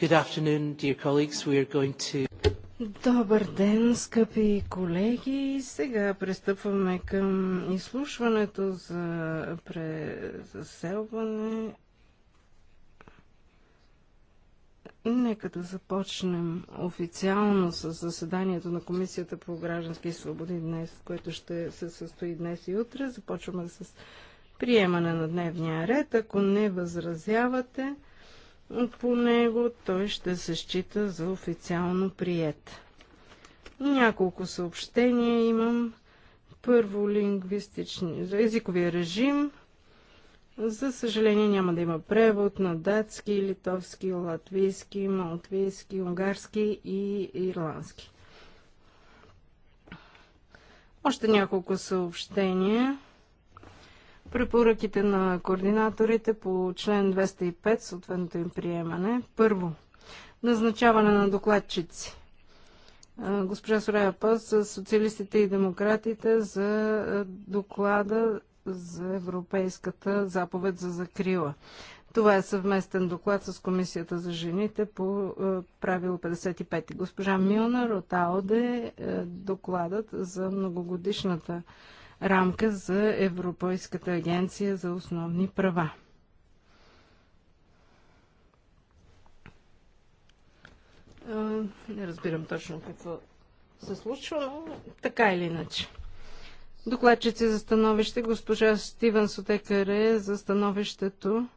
Good afternoon, dear colleagues. We are going to... Добър ден, скъпи колеги! Сега пристъпваме към изслушването за преселване. Нека да започнем официално с заседанието на Комисията по граждански свободи днес, което ще се състои днес и утре. Започваме с приемане на дневния ред. Ако не възразявате, по него, той ще се счита за официално прият. Няколко съобщения имам. Първо лингвистични, езиковия режим. За съжаление няма да има превод на датски, литовски, латвийски, малтвийски, унгарски и ирландски. Още няколко съобщения. Препоръките на координаторите по член 205, съответното им приемане. Първо, назначаване на докладчици. Госпожа Пас Пъс, социалистите и демократите за доклада за Европейската заповед за закрила. Това е съвместен доклад с Комисията за жените по правило 55. Госпожа Милнар от АОДЕ докладът за многогодишната рамка за Европейската агенция за основни права. Не разбирам точно какво се случва, но така или иначе. Докладчици за становище, госпожа Стивен Сотекаре за становището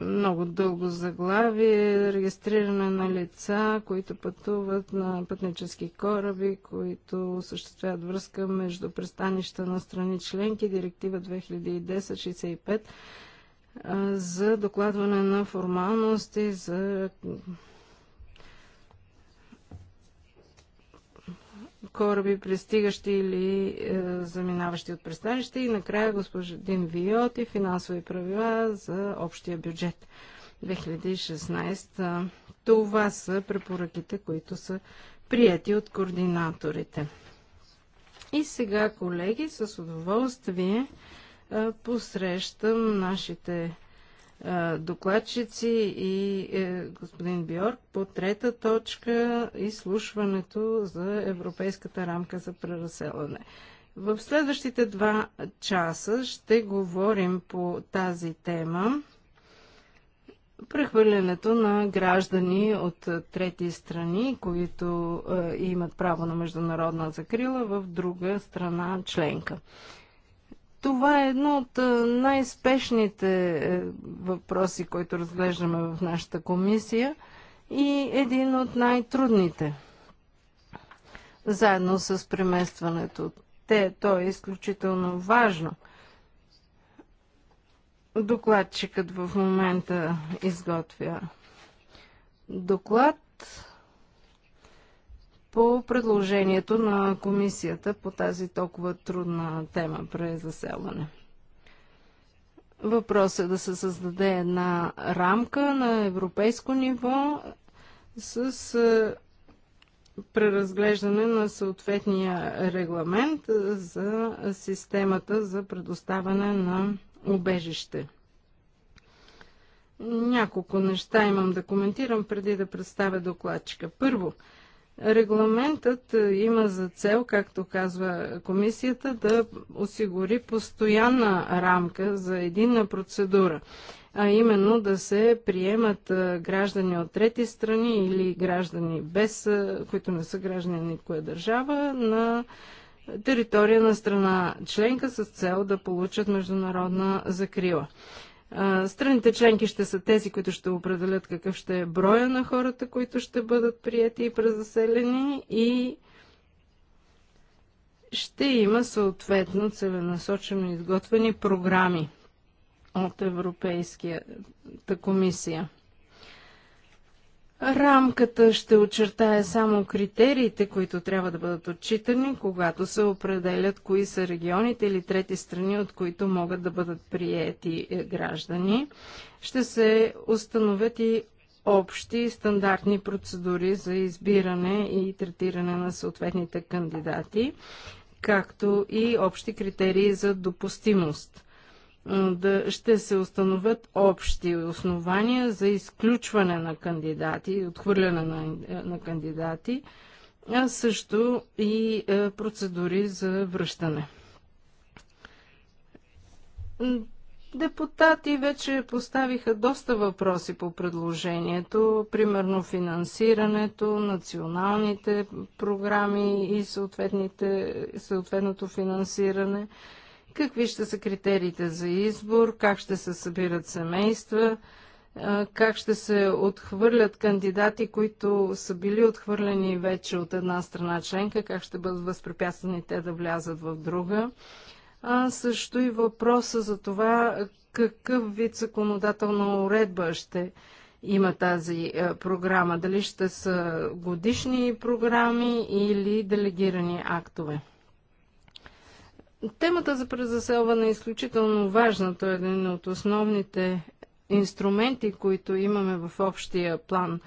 много дълго заглавие, регистриране на лица, които пътуват на пътнически кораби, които осъществяват връзка между пристанища на страни членки, директива 2010-65 за докладване на формалности, за кораби, пристигащи или е, заминаващи от пристанище. И накрая господин Виоти, финансови правила за общия бюджет 2016. Това са препоръките, които са прияти от координаторите. И сега, колеги, с удоволствие е, посрещам нашите докладчици и е, господин Бьорк по трета точка изслушването за Европейската рамка за преразселване. В следващите два часа ще говорим по тази тема прехвърлянето на граждани от е, трети страни, които е, имат право на международна закрила в друга страна членка. Това е едно от е, най-спешните е, въпроси, които разглеждаме в нашата комисия и един от най-трудните. Заедно с преместването. Те, то е изключително важно. Докладчикът в момента изготвя доклад по предложението на комисията по тази толкова трудна тема презаселване. Въпросът е да се създаде една рамка на европейско ниво с е, преразглеждане на съответния регламент за системата за предоставяне на убежище. Няколко неща имам да коментирам преди да представя докладчика. Първо, Регламентът е, има за цел, както казва комисията, да осигури постоянна рамка за единна процедура, а именно да се приемат е, граждани от трети страни или граждани без, е, които не са граждани на никоя държава, на територия на страна членка с цел да получат международна закрила. Страните членки ще са тези, които ще определят какъв ще е броя на хората, които ще бъдат прияти и презаселени и ще има съответно целенасочено изготвени програми от Европейската комисия. Рамката ще очертае само критериите, които трябва да бъдат отчитани, когато се определят кои са регионите или трети страни, от които могат да бъдат приети е, граждани. Ще се установят и общи стандартни процедури за избиране и третиране на съответните кандидати, както и общи критерии за допустимост да ще се установят общи основания за изключване на кандидати, отхвърляне на, на кандидати, а също и процедури за връщане. Депутати вече поставиха доста въпроси по предложението, примерно финансирането, националните програми и съответното финансиране – Какви ще са критериите за избор, как ще се събират семейства, как ще се отхвърлят кандидати, които са били отхвърлени вече от една страна членка, как ще бъдат възпрепятствани те да влязат в друга. А също и въпроса за това какъв вид законодателна уредба ще има тази програма. Дали ще са годишни програми или делегирани актове. Темата за презаселване е изключително важна. Той е един от основните инструменти, които имаме в общия план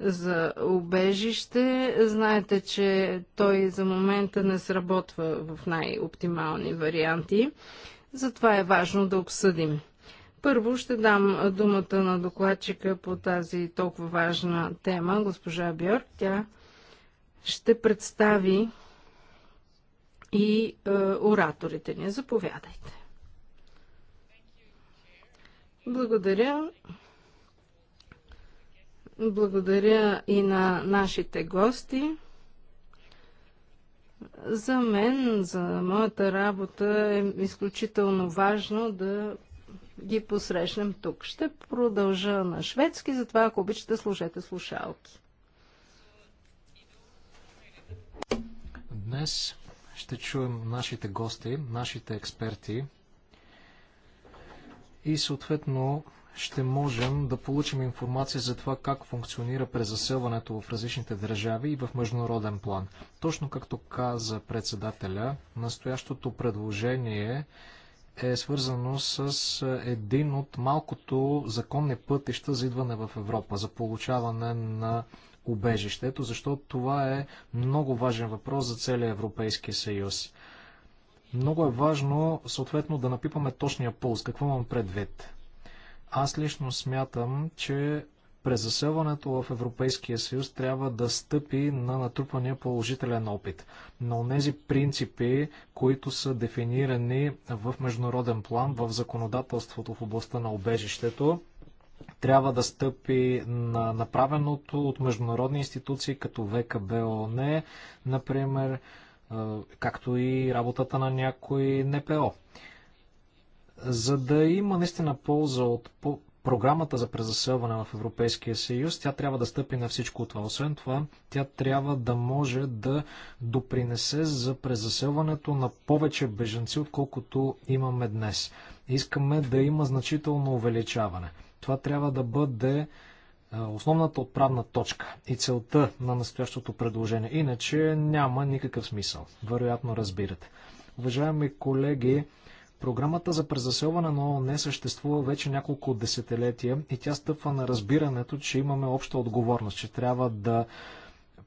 за убежище. Знаете, че той за момента не сработва в най-оптимални варианти. Затова е важно да обсъдим. Първо ще дам думата на докладчика по тази толкова важна тема, госпожа Бьорк. Тя ще представи и е, ораторите ни. Заповядайте. Благодаря. Благодаря и на нашите гости. За мен, за моята работа е изключително важно да ги посрещнем тук. Ще продължа на шведски, затова ако обичате, служете слушалки. Днес ще чуем нашите гости, нашите експерти и съответно ще можем да получим информация за това как функционира презаселването в различните държави и в международен план. Точно както каза председателя, настоящото предложение е свързано с един от малкото законни пътища за идване в Европа, за получаване на убежището, защото това е много важен въпрос за целия Европейския съюз. Много е важно, съответно, да напипаме точния пулс. Какво имам предвид? Аз лично смятам, че през заселването в Европейския съюз трябва да стъпи на натрупания положителен опит, на тези принципи, които са дефинирани в международен план в законодателството в областта на обежището трябва да стъпи на направеното от международни институции, като ВКБ ООН, например, е, както и работата на някои НПО. За да има наистина полза от програмата за презаселване в Европейския съюз, тя трябва да стъпи на всичко това. Освен това, тя трябва да може да допринесе за презаселването на повече беженци, отколкото имаме днес. Искаме да има значително увеличаване това трябва да бъде основната отправна точка и целта на настоящото предложение. Иначе няма никакъв смисъл. Вероятно разбирате. Уважаеми колеги, Програмата за презаселване на ООН съществува вече няколко десетилетия и тя стъпва на разбирането, че имаме обща отговорност, че трябва да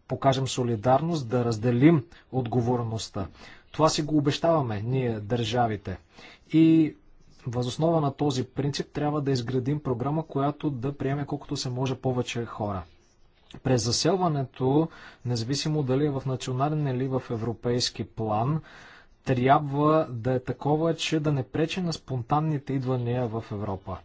покажем солидарност, да разделим отговорността. Това си го обещаваме ние, държавите. И Възоснова на този принцип трябва да изградим програма, която да приеме колкото се може повече хора. През заселването, независимо дали е в национален или в европейски план, трябва да е такова, че да не пречи на спонтанните идвания в Европа.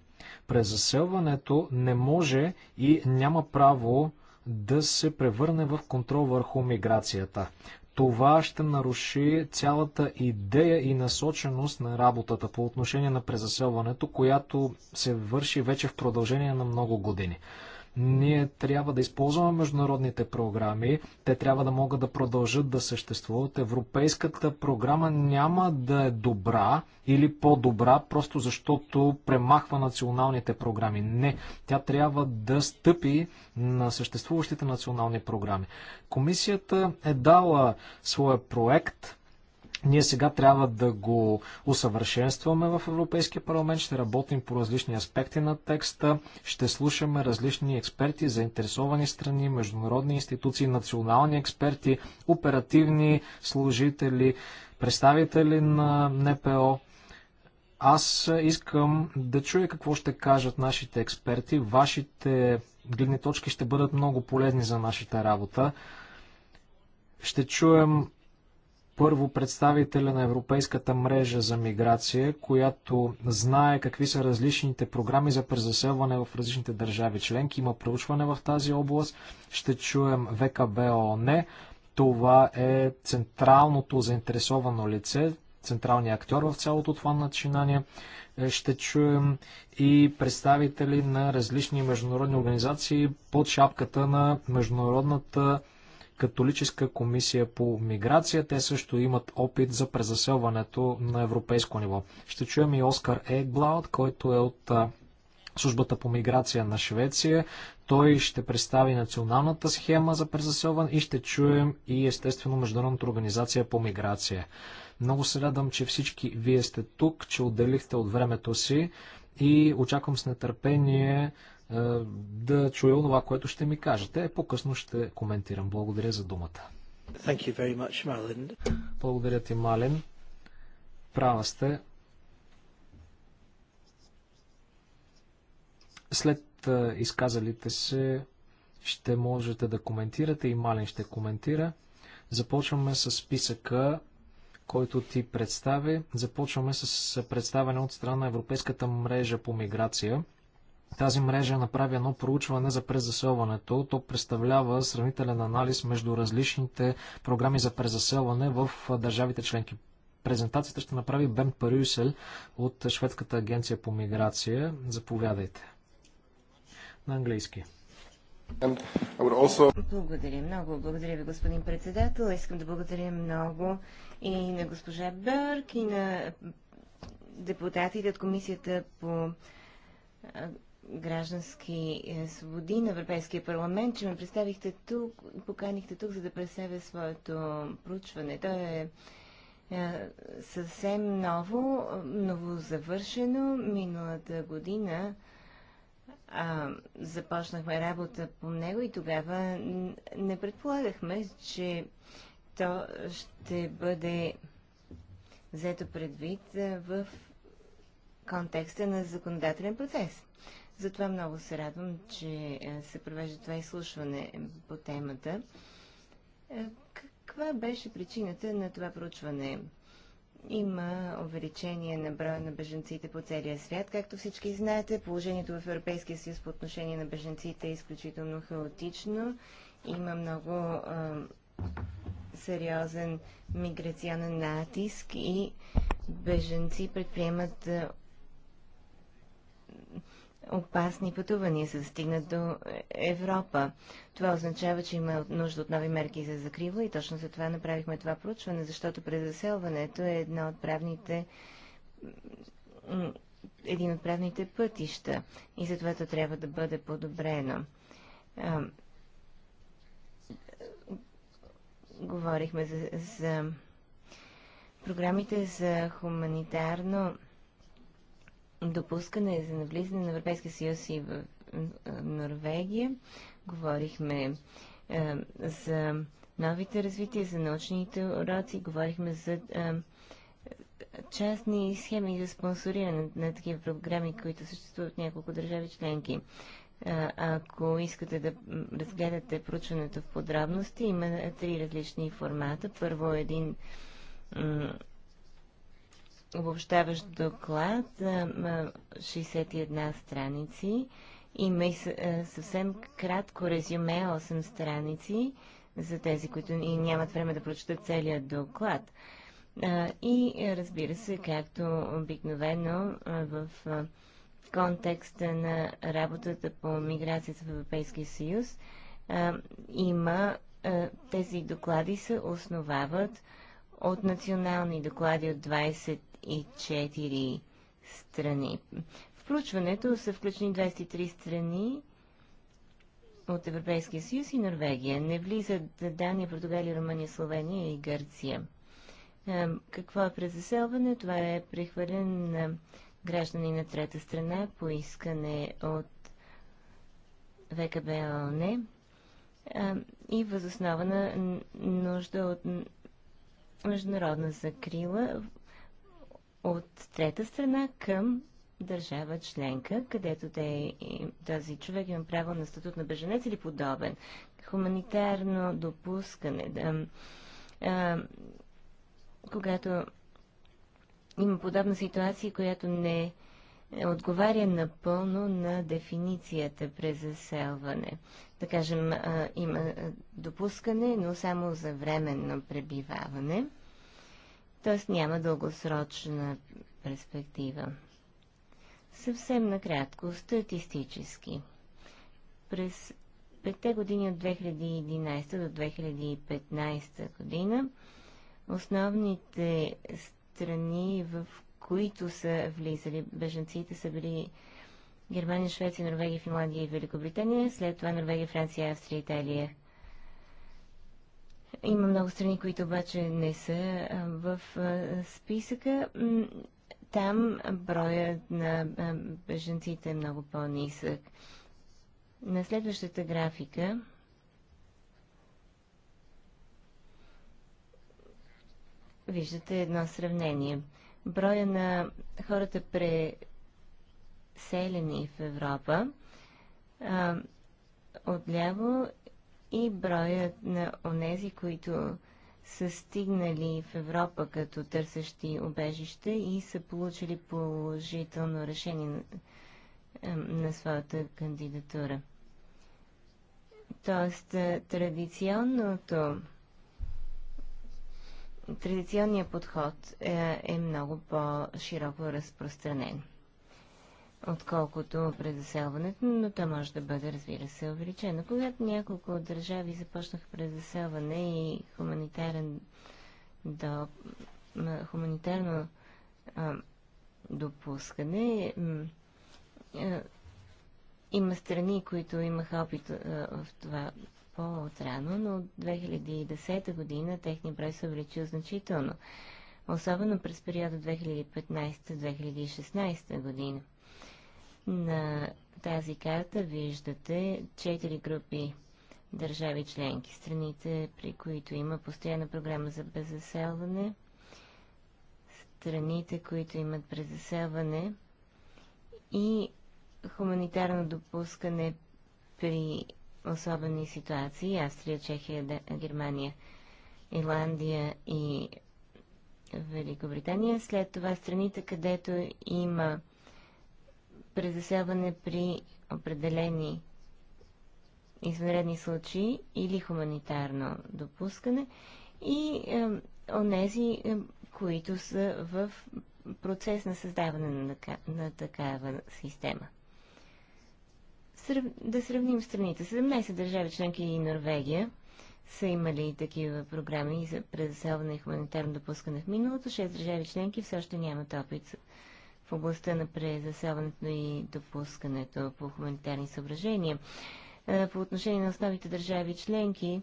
През заселването не може и няма право да се превърне в контрол върху миграцията. Това ще наруши цялата идея и насоченост на работата по отношение на презаселването, която се върши вече в продължение на много години. Ние трябва да използваме международните програми, те трябва да могат да продължат да съществуват. Европейската програма няма да е добра или по-добра, просто защото премахва националните програми. Не, тя трябва да стъпи на съществуващите национални програми. Комисията е дала своя проект, ние сега трябва да го усъвършенстваме в Европейския парламент, ще работим по различни аспекти на текста, ще слушаме различни експерти, заинтересовани страни, международни институции, национални експерти, оперативни служители, представители на НПО. Аз искам да чуя какво ще кажат нашите експерти. Вашите гледни точки ще бъдат много полезни за нашата работа. Ще чуем първо представителя на Европейската мрежа за миграция, която знае какви са различните програми за презаселване в различните държави членки. Има проучване в тази област. Ще чуем ВКБ ООН. Това е централното заинтересовано лице, централният актьор в цялото това начинание. Е, ще чуем и представители на различни международни организации под шапката на Международната католическа комисия по миграция. Те също имат опит за презаселването на европейско ниво. Ще чуем и Оскар Егблауд, който е от службата по миграция на Швеция. Той ще представи националната схема за презаселване и ще чуем и естествено Международната организация по миграция. Много се радвам, че всички вие сте тук, че отделихте от времето си и очаквам с нетърпение е, да чуя това, което ще ми кажете. По-късно ще коментирам. Благодаря за думата. Thank you very much, Malin. Благодаря ти, Малин. Права сте. След е, изказалите се ще можете да коментирате и Малин ще коментира. Започваме с списъка, който ти представи. Започваме с представяне от страна на Европейската мрежа по миграция тази мрежа направи едно проучване за презаселването. То представлява сравнителен анализ между различните програми за презаселване в държавите членки. Презентацията ще направи Бен Парюсел от Шведската агенция по миграция. Заповядайте. На английски. Also... Благодаря много. Благодаря ви, господин председател. Искам да благодаря много и на госпожа Бърк, и на депутатите от комисията по граждански е, свободи на Европейския парламент, че ме представихте тук, поканихте тук, за да представя своето проучване. То е, е съвсем ново, новозавършено. Миналата година а, започнахме работа по него и тогава не предполагахме, че то ще бъде взето предвид е, в контекста на законодателен процес. Затова много се радвам, че е, се провежда това изслушване е, по темата. Е, каква беше причината на това проучване? Има увеличение на броя на беженците по целия свят. Както всички знаете, положението в Европейския съюз по отношение на беженците е изключително хаотично. Има много а, сериозен миграционен натиск и беженци предприемат а, опасни пътувания се достигнат до Европа. Това означава, че има нужда от нови мерки за закрива и точно за това направихме това проучване, защото презаселването е едно от правните един от правните пътища и затова то трябва да бъде подобрено. А, говорихме за, за програмите за хуманитарно допускане за навлизане на Европейския съюз и в Норвегия. Говорихме е, за новите развития, за научните уроци, говорихме за е, частни схеми за спонсориране на, на такива програми, които съществуват в няколко държави членки. Ако искате да разгледате проучването в подробности, има три различни формата. Първо е един обобщаващ доклад, 61 страници. Има и съвсем кратко резюме, 8 страници, за тези, които нямат време да прочитат целият доклад. И разбира се, както обикновено в контекста на работата по миграцията в Европейския съюз, има тези доклади се основават от национални доклади от 20 24 страни. В Включването са включени 23 страни от Европейския съюз и Норвегия. Не влизат Дания, Португалия, Румъния, Словения и Гърция. Какво е презаселване? Това е прехвърлен на граждани на трета страна по искане от ВКБ ООН е. и възоснована нужда от международна закрила от трета страна към държава членка, където те, този човек има право на статут на беженец или подобен. Хуманитарно допускане. Да, а, когато има подобна ситуация, която не отговаря напълно на дефиницията през заселване. Да кажем, а, има допускане, но само за временно пребиваване – т.е. няма дългосрочна перспектива. Съвсем накратко, статистически. През петте години от 2011 до 2015 година основните страни, в които са влизали бежанците, са били Германия, Швеция, Норвегия, Финландия и Великобритания, след това Норвегия, Франция, Австрия, Италия има много страни, които обаче не са в списъка. Там броят на беженците е много по-нисък. На следващата графика виждате едно сравнение. Броя на хората преселени в Европа а, отляво и броят на онези, които са стигнали в Европа като търсещи обежище и са получили положително решение на, на своята кандидатура. Тоест, е, традиционното традиционният подход е, е много по-широко разпространен отколкото презаселването, но то може да бъде, разбира се, увеличено. Когато няколко държави започнаха презаселване и хуманитарен до, хуманитарно а, допускане, а, има страни, които имаха опит а, в това по-отрано, но от 2010 година техния брой се увеличил значително, особено през периода 2015-2016 година. На тази карта виждате четири групи държави членки. Страните, при които има постоянна програма за безаселване, страните, които имат презаселване и хуманитарно допускане при особени ситуации Австрия, Чехия, Германия, Ирландия и Великобритания. След това страните, където има презасяване при определени извънредни случаи или хуманитарно допускане и е, онези, е, които са в процес на създаване на, на такава система. Да сравним страните. 17 държави членки и Норвегия са имали такива програми за презаселване и хуманитарно допускане в миналото. 6 държави членки все още нямат опит в областта на презасяването и допускането по хуманитарни съображения. Е, по отношение на основните държави членки,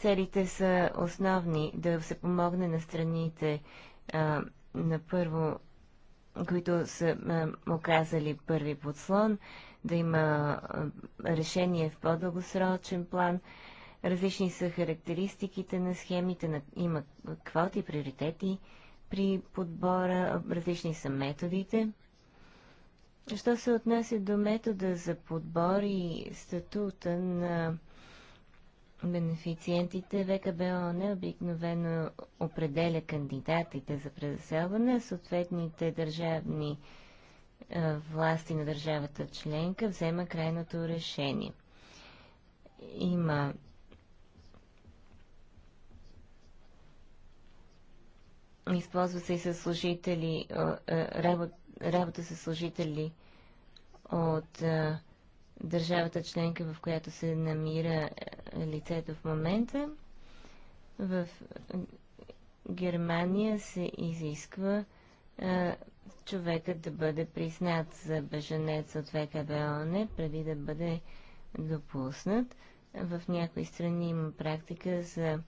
целите са основни да се помогне на страните е, на първо, които са е, оказали първи подслон, да има решение в по-дългосрочен план. Различни са характеристиките на схемите, има квоти, приоритети, при подбора, различни са методите. Що се отнася до метода за подбор и статута на бенефициентите, не обикновено определя кандидатите за преселване, съответните държавни власти на държавата членка взема крайното решение. Има Използва се и с служители, работа, работа с служители от държавата членка, в която се намира лицето в момента. В Германия се изисква човекът да бъде признат за беженец от ВКБОН преди да бъде допуснат. В някои страни има практика за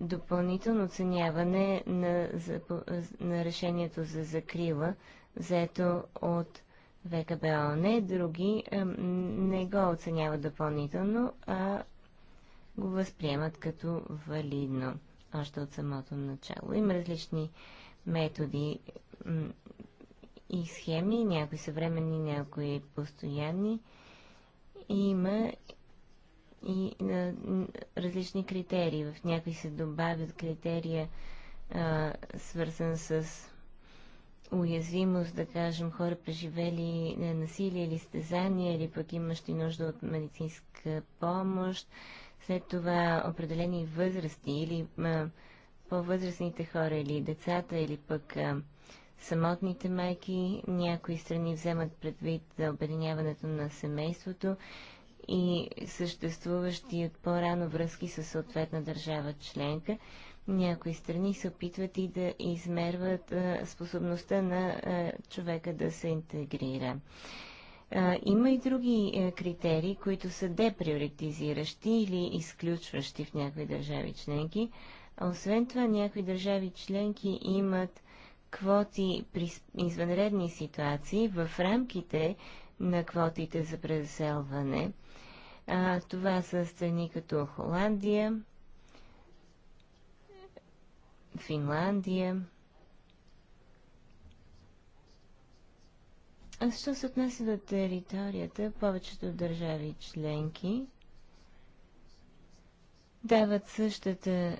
допълнително оценяване на, на решението за закрила, взето от не Други не го оценяват допълнително, а го възприемат като валидно още от самото начало. Има различни методи и схеми, някои съвременни, някои постоянни. И има и на различни критерии. В някои се добавят критерия, а, свързан с уязвимост, да кажем, хора преживели насилие или стезание, или пък имащи нужда от медицинска помощ. След това определени възрасти или по-възрастните хора, или децата, или пък а, самотните майки. Някои страни вземат предвид за обединяването на семейството и съществуващи от по-рано връзки с съответна държава членка. Някои страни се опитват и да измерват а, способността на а, човека да се интегрира. А, има и други критерии, които са деприоритизиращи или изключващи в някои държави членки. А освен това, някои държави членки имат квоти при извънредни ситуации в рамките на квотите за преселване – а, това са страни като Холандия, Финландия. А що се отнася до територията, повечето държави членки дават същата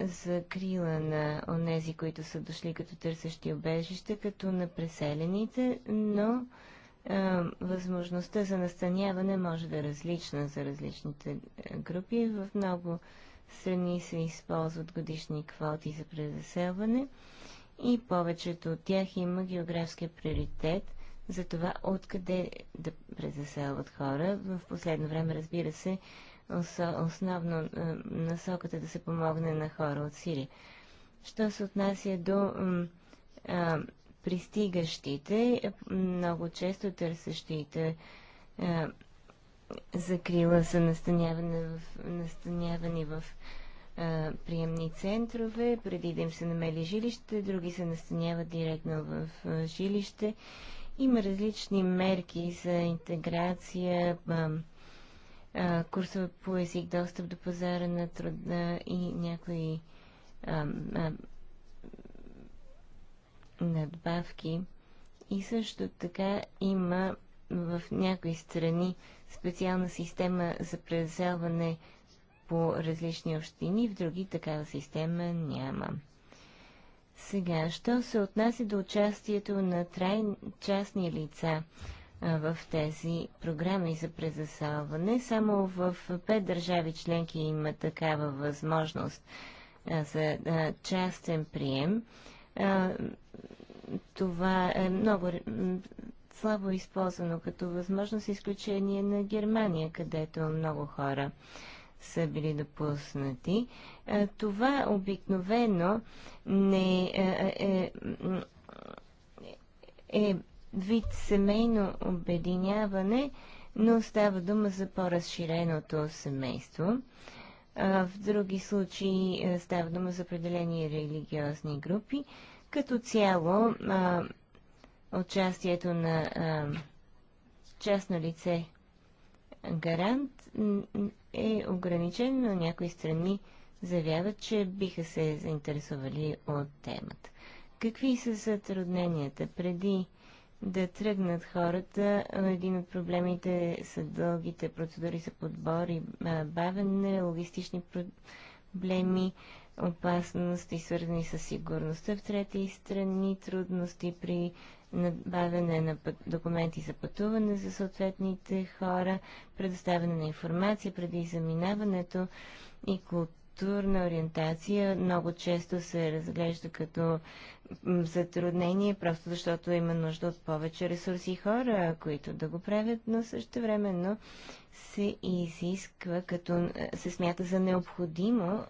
закрила на онези, които са дошли като търсещи обежище, като на преселените, но е, възможността за настаняване може да е различна за различните е, групи. В много страни се използват годишни квоти за презаселване и повечето от тях има географския приоритет за това откъде да презаселват хора. В последно време, разбира се, основно е, насоката да се помогне на хора от Сирия. Що се отнася до а, пристигащите, много често търсещите е, закрила са настаняване в, настанявани в е, приемни центрове, преди да им се намели жилище, други се настаняват директно в е, жилище. Има различни мерки за интеграция, курсове по език, достъп до пазара на труда и някои надбавки и също така има в някои страни специална система за презелване по различни общини, в други такава система няма. Сега, що се отнася до участието на трай... частни лица в тези програми за презаселване, само в пет държави членки има такава възможност за частен прием това е много слабо използвано като възможност, изключение на Германия, където много хора са били допуснати. Това обикновено не е, е, е вид семейно обединяване, но става дума за по-разширеното семейство. В други случаи е, става дума за определени религиозни групи. Като цяло, участието на частно лице гарант е ограничено, но някои страни заявяват, че биха се заинтересували от темата. Какви са затрудненията? Преди да тръгнат хората. Един от проблемите са дългите процедури за подбор и бавене, логистични проблеми, опасности, свързани с сигурността в трети страни, трудности при набавяне на документи за пътуване за съответните хора, предоставяне на информация преди заминаването и култура културна ориентация много често се разглежда като затруднение, просто защото има нужда от повече ресурси и хора, които да го правят, но също времено се изисква, като се смята за необходимо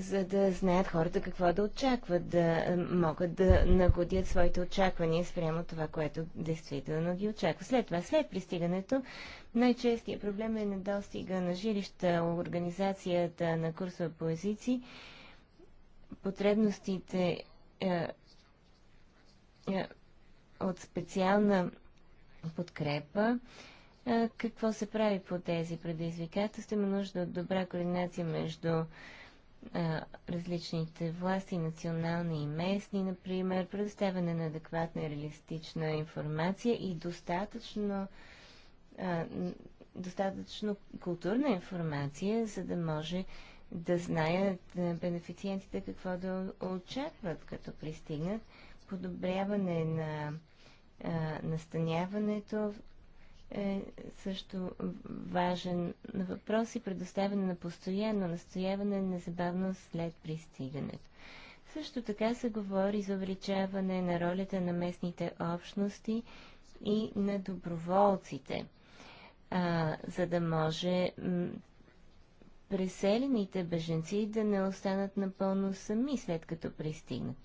за да знаят хората какво да очакват, да е, могат да нагодят своите очаквания спрямо това, което действително ги очаква. След това, след пристигането, най-честият проблем е недостига на жилища, организацията на курсове по езици, потребностите е, е, от специална подкрепа, е, какво се прави по тези предизвикателства? Има нужда от добра координация между различните власти, национални и местни, например, предоставяне на адекватна и реалистична информация и достатъчно, а, достатъчно културна информация, за да може да знаят бенефициентите какво да очакват, като пристигнат, подобряване на а, настаняването, е също важен въпрос и предоставяне на постоянно настояване незабавно след пристигането. Също така се говори за увеличаване на ролята на местните общности и на доброволците, а, за да може преселените беженци да не останат напълно сами след като пристигнат.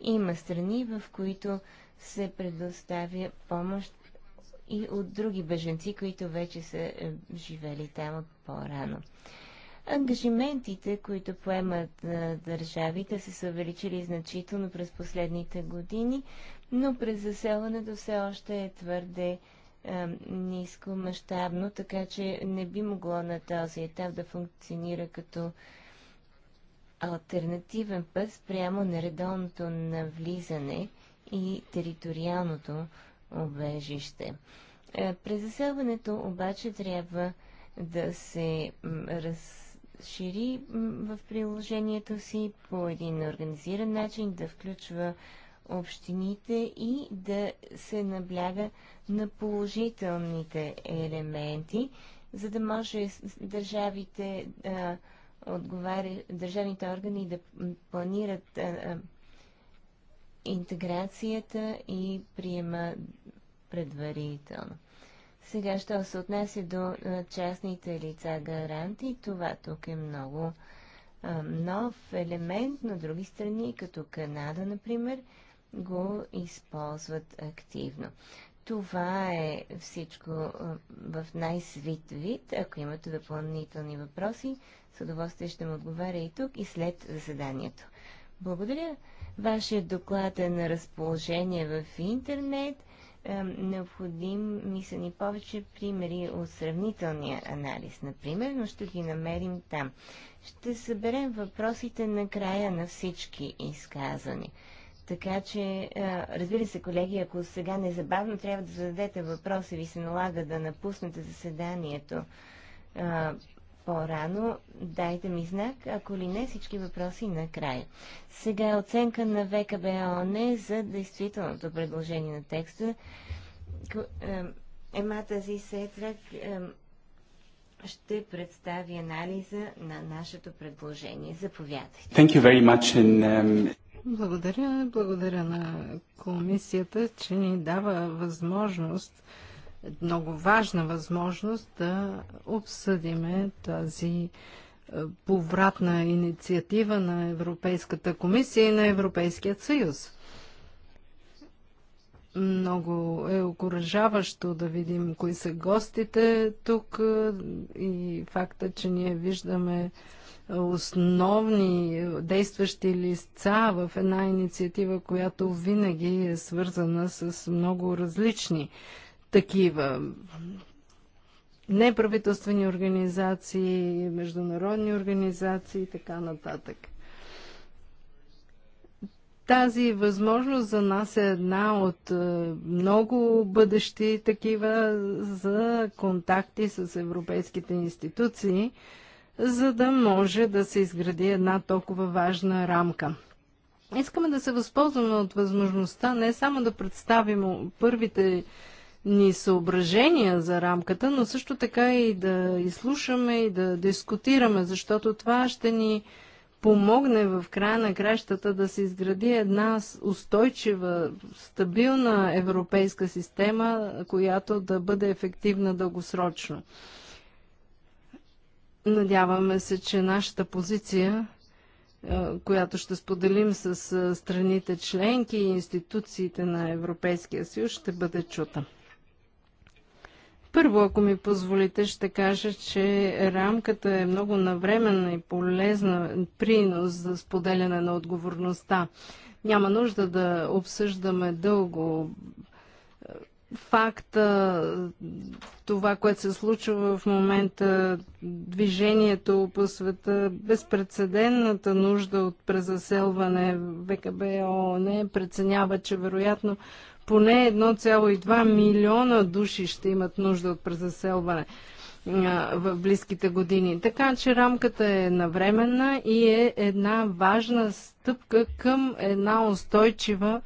Има страни, в които се предоставя помощ и от други беженци, които вече са е, живели там от по-рано. Ангажиментите, които поемат е, държавите, са се увеличили значително през последните години, но през заселването все още е твърде е, ниско мащабно, така че не би могло на този етап да функционира като альтернативен път спрямо редовното навлизане и териториалното убежище. Е, Презаселването обаче трябва да се разшири в приложението си по един организиран начин, да включва общините и да се набляга на положителните елементи, за да може държавите, а, отговаря, държавните органи да планират а, интеграцията и приема предварително. Сега, що се отнася до частните лица гаранти, това тук е много а, нов елемент, на други страни, като Канада, например, го използват активно. Това е всичко а, в най-свит вид. Ако имате допълнителни въпроси, с удоволствие ще му отговаря и тук, и след заседанието. Благодаря. Вашия доклад е на разположение в интернет. Е, необходим ми са ни повече примери от сравнителния анализ, например, но ще ги намерим там. Ще съберем въпросите на края на всички изказани. Така че, е, разбира се, колеги, ако сега незабавно трябва да зададете въпроса, ви се налага да напуснете заседанието е, по-рано, дайте ми знак, ако ли не всички въпроси накрая. Сега е оценка на ВКБОН за действителното предложение на текста. Емата Зи Сетрак ще представи анализа на нашето предложение. Заповядайте. Thank you very much and, um... Благодаря, благодаря на комисията, че ни дава възможност много важна възможност да обсъдиме тази е, повратна инициатива на Европейската комисия и на Европейският съюз. Много е окоръжаващо да видим кои са гостите тук е, и факта, че ние виждаме основни е, действащи лица в една инициатива, която винаги е свързана с много различни такива неправителствени организации, международни организации и така нататък. Тази възможност за нас е една от е, много бъдещи такива за контакти с европейските институции, за да може да се изгради една толкова важна рамка. Искаме да се възползваме от възможността не само да представим първите ни съображения за рамката, но също така и да изслушаме и да дискутираме, защото това ще ни помогне в края на кращата да се изгради една устойчива, стабилна европейска система, която да бъде ефективна дългосрочно. Надяваме се, че нашата позиция, която ще споделим с страните членки и институциите на Европейския съюз, ще бъде чута. Първо, ако ми позволите, ще кажа, че рамката е много навременна и полезна принос за споделяне на отговорността. Няма нужда да обсъждаме дълго е, факта, това, което се случва в момента, движението по света, безпредседентната нужда от презаселване, ВКБ ООН преценява, че вероятно поне 1,2 милиона души ще имат нужда от презаселване в близките години. Така че рамката е навременна и е една важна стъпка към една устойчива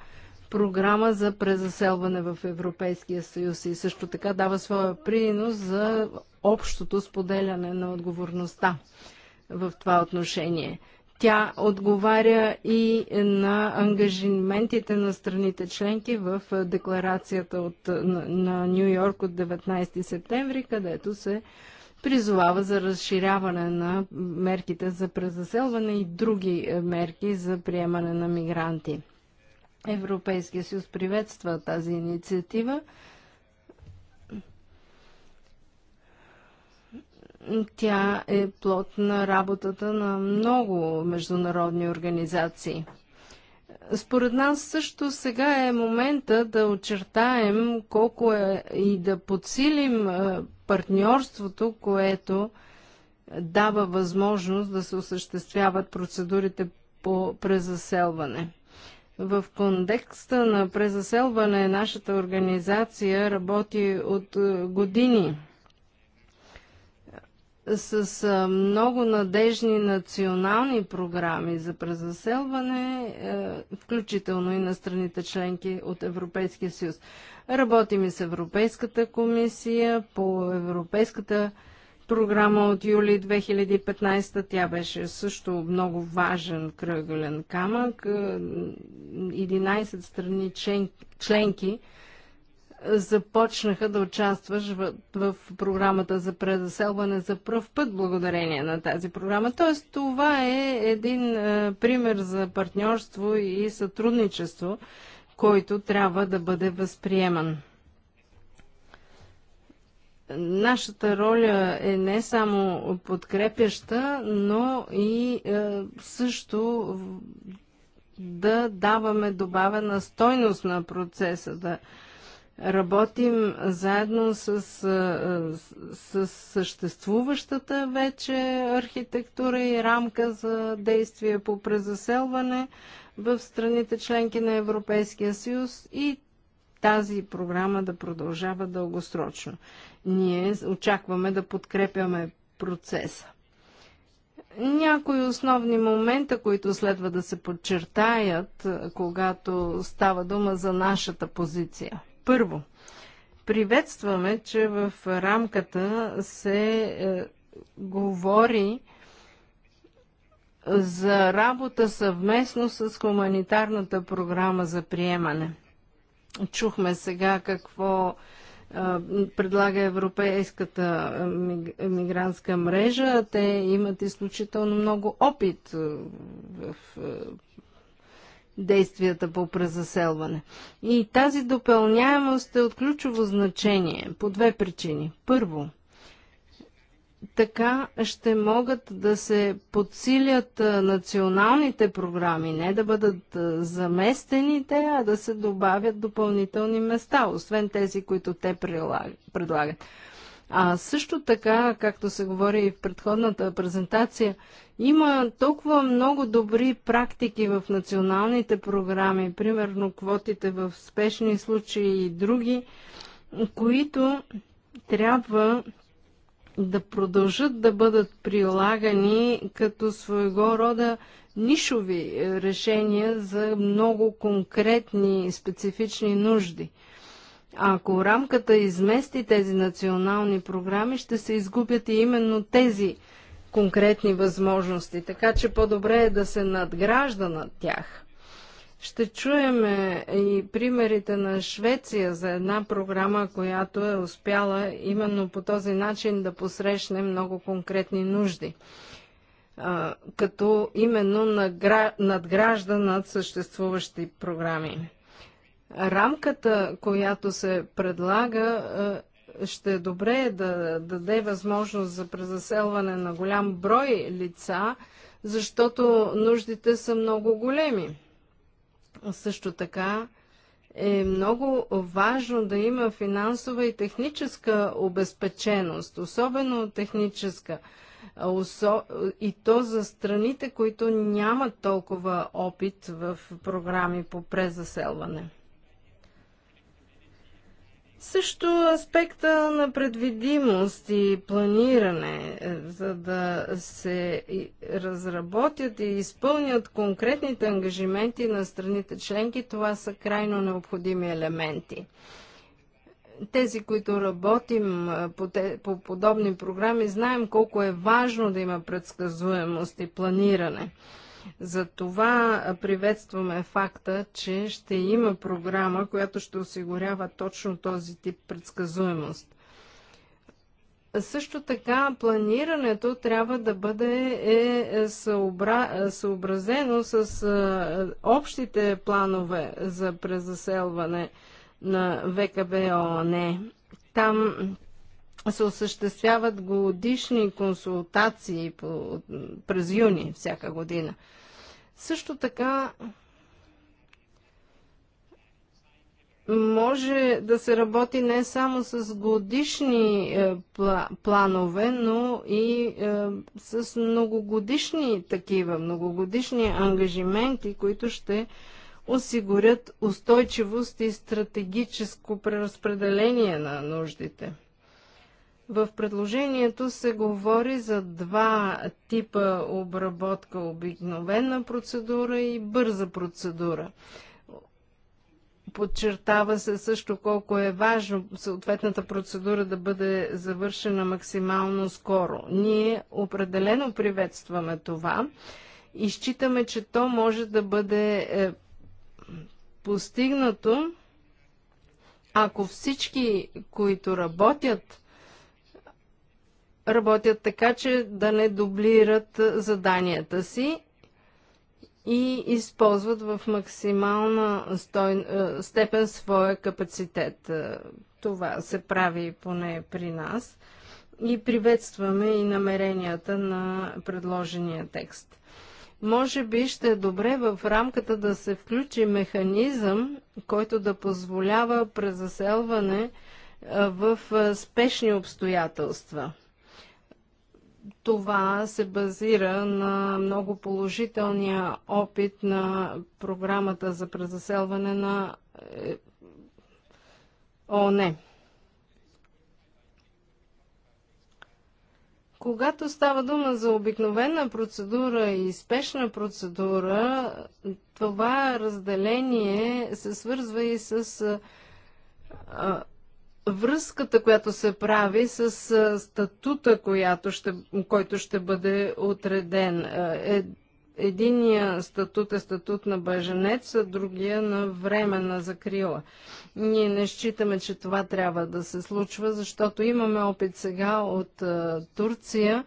програма за презаселване в Европейския съюз и също така дава своя принос за общото споделяне на отговорността в това отношение. Тя отговаря и на ангажиментите на страните членки в декларацията от, на, на Нью Йорк от 19 септември, където се призовава за разширяване на мерките за презаселване и други мерки за приемане на мигранти. Европейския съюз приветства тази инициатива Тя е плод на работата на много международни организации. Според нас също сега е момента да очертаем колко е и да подсилим е, партньорството, което дава възможност да се осъществяват процедурите по презаселване. В контекста на презаселване нашата организация работи от е, години – с много надежни национални програми за презаселване, е, включително и на страните членки от Европейския съюз. Работим и с Европейската комисия по Европейската програма от юли 2015. Тя беше също много важен кръгълен камък. 11 е, страни членки започнаха да участваш в, в програмата за презаселване за пръв път благодарение на тази програма. Тоест това е един е, пример за партньорство и сътрудничество, който трябва да бъде възприеман. Нашата роля е не само подкрепяща, но и е, също да даваме добавена стойност на процеса, да, Работим заедно с, с съществуващата вече архитектура и рамка за действие по презаселване в страните членки на Европейския съюз и тази програма да продължава дългосрочно. Ние очакваме да подкрепяме процеса. Някои основни момента, които следва да се подчертаят, когато става дума за нашата позиция. Първо, приветстваме, че в рамката се е, говори за работа съвместно с хуманитарната програма за приемане. Чухме сега какво е, предлага Европейската е, мигрантска мрежа. Те имат изключително много опит е, в действията по презаселване. И тази допълняемост е от ключово значение по две причини. Първо, така ще могат да се подсилят националните програми, не да бъдат заместени те, а да се добавят допълнителни места, освен тези, които те предлагат. А също така, както се говори и в предходната презентация, има толкова много добри практики в националните програми, примерно квотите в спешни случаи и други, които трябва да продължат да бъдат прилагани като своего рода нишови решения за много конкретни специфични нужди – ако рамката измести тези национални програми, ще се изгубят и именно тези конкретни възможности, така че по-добре е да се надгражда над тях. Ще чуем и примерите на Швеция за една програма, която е успяла именно по този начин да посрещне много конкретни нужди, като именно надгражда над съществуващи програми. Рамката, която се предлага, е, ще е добре да даде възможност за презаселване на голям брой лица, защото нуждите са много големи. Също така е много важно да има финансова и техническа обезпеченост, особено техническа. И то за страните, които нямат толкова опит в програми по презаселване. Също аспекта на предвидимост и планиране, е, за да се разработят и изпълнят конкретните ангажименти на страните членки, това са крайно необходими елементи. Тези, които работим е, по, те, по подобни програми, знаем колко е важно да има предсказуемост и планиране. Затова приветстваме факта, че ще има програма, която ще осигурява точно този тип предсказуемост. Също така планирането трябва да бъде е, е съобра... Е, съобразено с е, общите планове за презаселване на ВКБ ООН. Е. Там се осъществяват годишни консултации по, през юни всяка година. Също така може да се работи не само с годишни е, пла, планове, но и е, с многогодишни такива, многогодишни ангажименти, които ще осигурят устойчивост и стратегическо преразпределение на нуждите. В предложението се говори за два типа обработка обикновена процедура и бърза процедура. Подчертава се също колко е важно съответната процедура да бъде завършена максимално скоро. Ние определено приветстваме това и считаме, че то може да бъде е, постигнато, ако всички, които работят работят така, че да не дублират заданията си и използват в максимална стой... степен своя капацитет. Това се прави поне при нас и приветстваме и намеренията на предложения текст. Може би ще е добре в рамката да се включи механизъм, който да позволява презаселване в спешни обстоятелства. Това се базира на много положителния опит на програмата за презаселване на е, ООН. Когато става дума за обикновена процедура и спешна процедура, това разделение се свързва и с връзката, която се прави с статута, която ще, който ще бъде отреден. Е, единия статут е статут на беженец, а другия на временна закрила. Ние не считаме, че това трябва да се случва, защото имаме опит сега от Турция,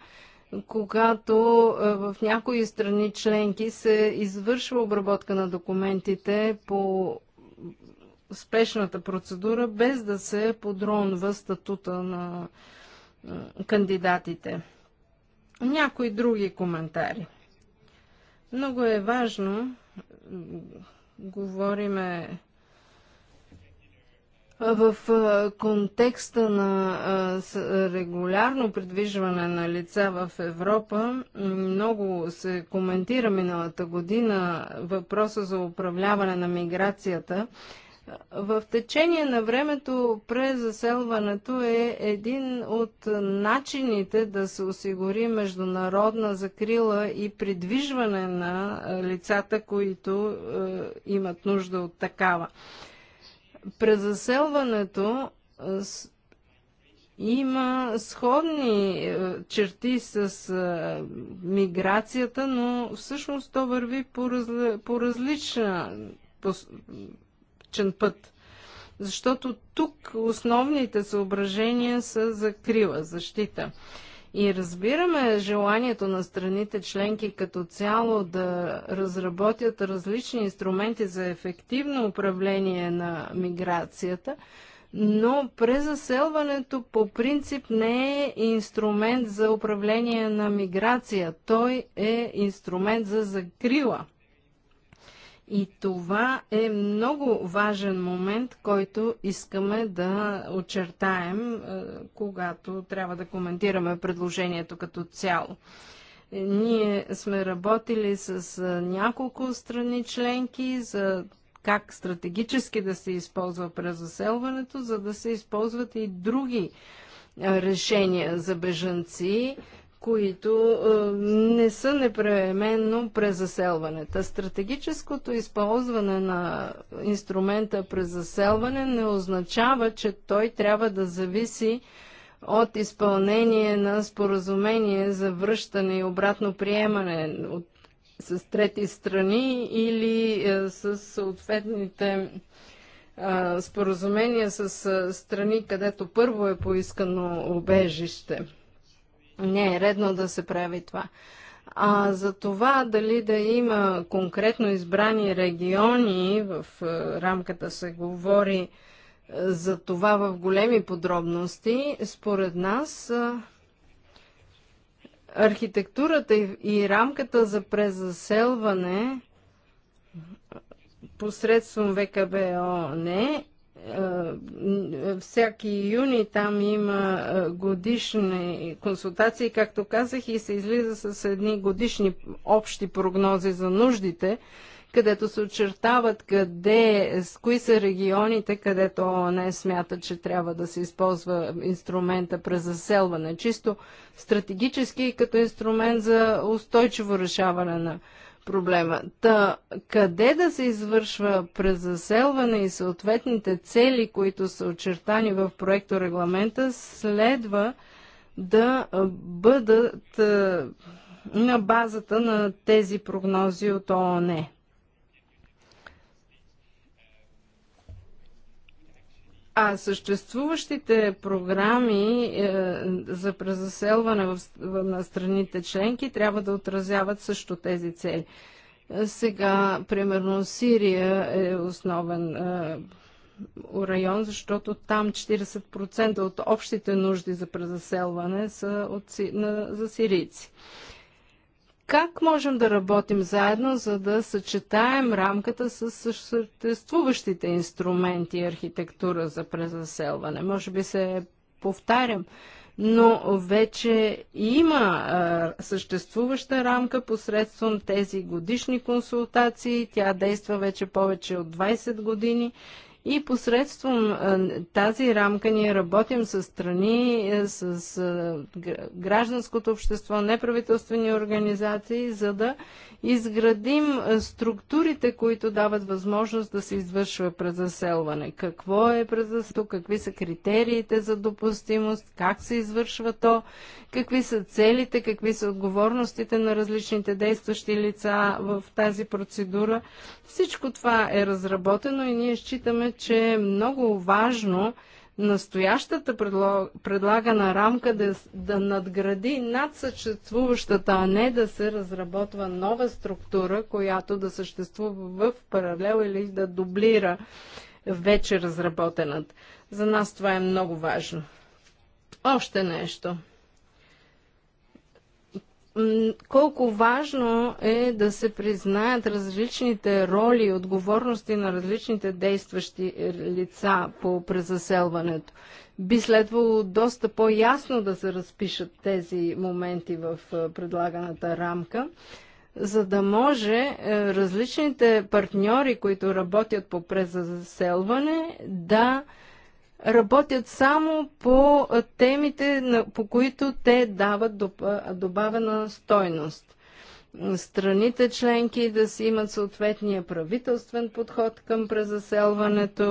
когато в някои страни членки се извършва обработка на документите по спешната процедура, без да се подронва статута на кандидатите. Някои други коментари. Много е важно, говориме в контекста на регулярно придвижване на лица в Европа, много се коментира миналата година въпроса за управляване на миграцията в течение на времето презаселването е един от начините да се осигури международна закрила и придвижване на лицата, които имат нужда от такава. Презаселването има сходни черти с миграцията, но всъщност то върви по, разли, по различна логичен път. Защото тук основните съображения са закрива, защита. И разбираме желанието на страните членки като цяло да разработят различни инструменти за ефективно управление на миграцията, но презаселването по принцип не е инструмент за управление на миграция. Той е инструмент за закрила и това е много важен момент, който искаме да очертаем, е, когато трябва да коментираме предложението като цяло. Е, ние сме работили с е, няколко страни членки за как стратегически да се използва през заселването, за да се използват и други решения за бежанци, които е, не са непременно презаселване. Та стратегическото използване на инструмента презаселване не означава, че той трябва да зависи от изпълнение на споразумение за връщане и обратно приемане от, с трети страни или е, с съответните е, споразумения с е, страни, където първо е поискано обежище. Не е редно да се прави това. А за това дали да има конкретно избрани региони, в е, рамката се говори е, за това в големи подробности, според нас е, архитектурата и рамката за презаселване посредством ВКБО не всяки юни там има годишни консултации, както казах, и се излиза с едни годишни общи прогнози за нуждите, където се очертават къде, с кои са регионите, където не смята, че трябва да се използва инструмента през заселване, чисто стратегически и като инструмент за устойчиво решаване на проблема. Та, къде да се извършва презаселване и съответните цели, които са очертани в проекто регламента, следва да бъдат е, на базата на тези прогнози от ООН. А съществуващите програми е, за презаселване в, на страните членки трябва да отразяват също тези цели. Е, сега, примерно, Сирия е основен е, район, защото там 40% от общите нужди за презаселване са от, на, за сирийци как можем да работим заедно, за да съчетаем рамката с съществуващите инструменти и архитектура за презаселване. Може би се повтарям, но вече има а, съществуваща рамка посредством тези годишни консултации. Тя действа вече повече от 20 години и посредством е, тази рамка ние работим с страни, е, с е, гражданското общество, неправителствени организации, за да изградим структурите, които дават възможност да се извършва презаселване. Какво е презаселването, какви са критериите за допустимост, как се извършва то, какви са целите, какви са отговорностите на различните действащи лица в тази процедура. Всичко това е разработено и ние считаме, че е много важно настоящата предлагана рамка да, да надгради над съществуващата, а не да се разработва нова структура, която да съществува в паралел или да дублира вече разработената. За нас това е много важно. Още нещо – колко важно е да се признаят различните роли и отговорности на различните действащи е, лица по презаселването. Би следвало доста по-ясно да се разпишат тези моменти в е, предлаганата рамка, за да може е, различните партньори, които работят по презаселване, да работят само по темите, по които те дават добавена стойност. Страните членки да си имат съответния правителствен подход към презаселването,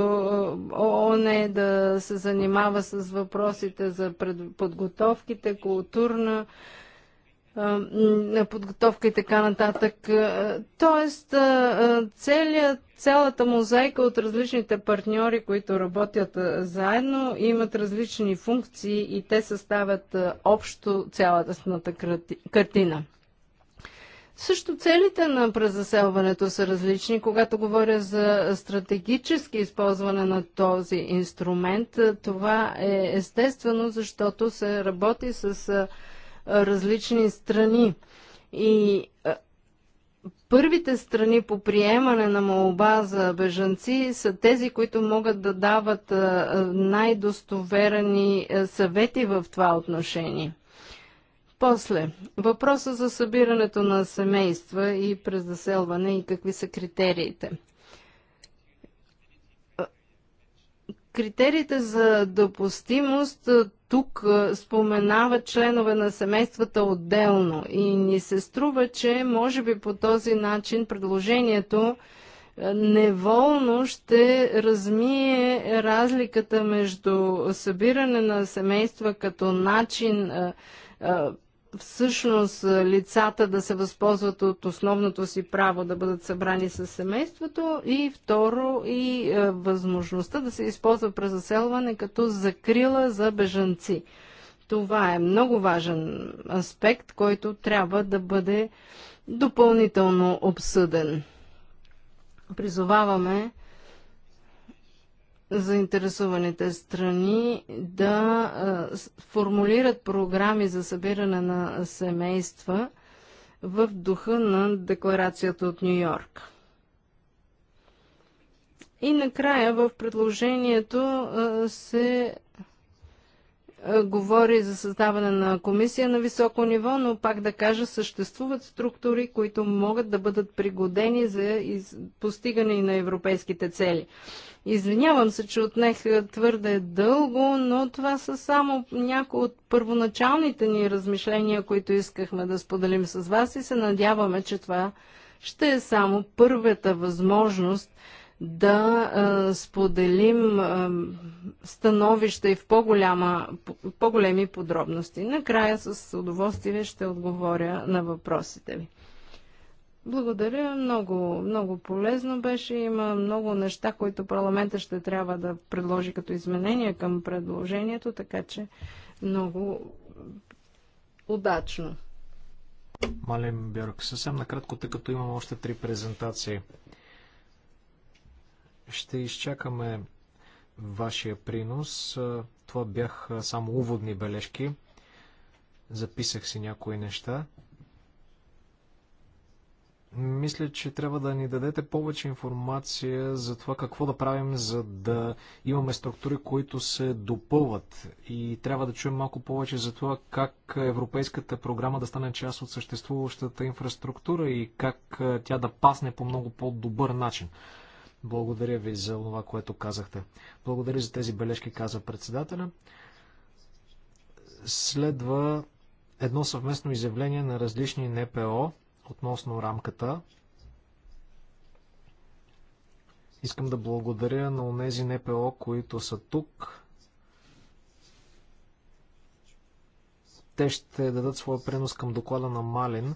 ООН е да се занимава с въпросите за подготовките, културна на подготовка и така нататък. Тоест, целият, цялата мозайка от различните партньори, които работят заедно, имат различни функции и те съставят общо цялата картина. Също целите на презаселването са различни. Когато говоря за стратегически използване на този инструмент, това е естествено, защото се работи с различни страни. И първите страни по приемане на молба за бежанци са тези, които могат да дават най-достоверени съвети в това отношение. После, въпроса за събирането на семейства и през заселване и какви са критериите. Критериите за допустимост тук споменава членове на семействата отделно и ни се струва, че може би по този начин предложението неволно ще размие разликата между събиране на семейства като начин всъщност лицата да се възползват от основното си право да бъдат събрани с семейството и второ и е, възможността да се използва презаселване като закрила за бежанци. Това е много важен аспект, който трябва да бъде допълнително обсъден. Призоваваме заинтересованите страни да формулират програми за събиране на семейства в духа на декларацията от Нью Йорк. И накрая в предложението се говори за създаване на комисия на високо ниво, но пак да кажа, съществуват структури, които могат да бъдат пригодени за постигане на европейските цели. Извинявам се, че отнех твърде дълго, но това са само някои от първоначалните ни размишления, които искахме да споделим с вас и се надяваме, че това ще е само първата възможност да а, споделим а, становища и в по-голяма, по-големи подробности. Накрая с удоволствие ще отговоря на въпросите ви. Благодаря, много, много полезно беше. Има много неща, които парламента ще трябва да предложи като изменения към предложението, така че много удачно. Малим Бьорк, съвсем накратко, тъй като имам още три презентации. Ще изчакаме вашия принос. Това бях само уводни бележки. Записах си някои неща. Мисля, че трябва да ни дадете повече информация за това какво да правим, за да имаме структури, които се допълват. И трябва да чуем малко повече за това как европейската програма да стане част от съществуващата инфраструктура и как тя да пасне по много по-добър начин. Благодаря ви за това, което казахте. Благодаря за тези бележки, каза председателя. Следва едно съвместно изявление на различни НПО относно рамката. Искам да благодаря на онези НПО, които са тук. Те ще дадат своя принос към доклада на Малин.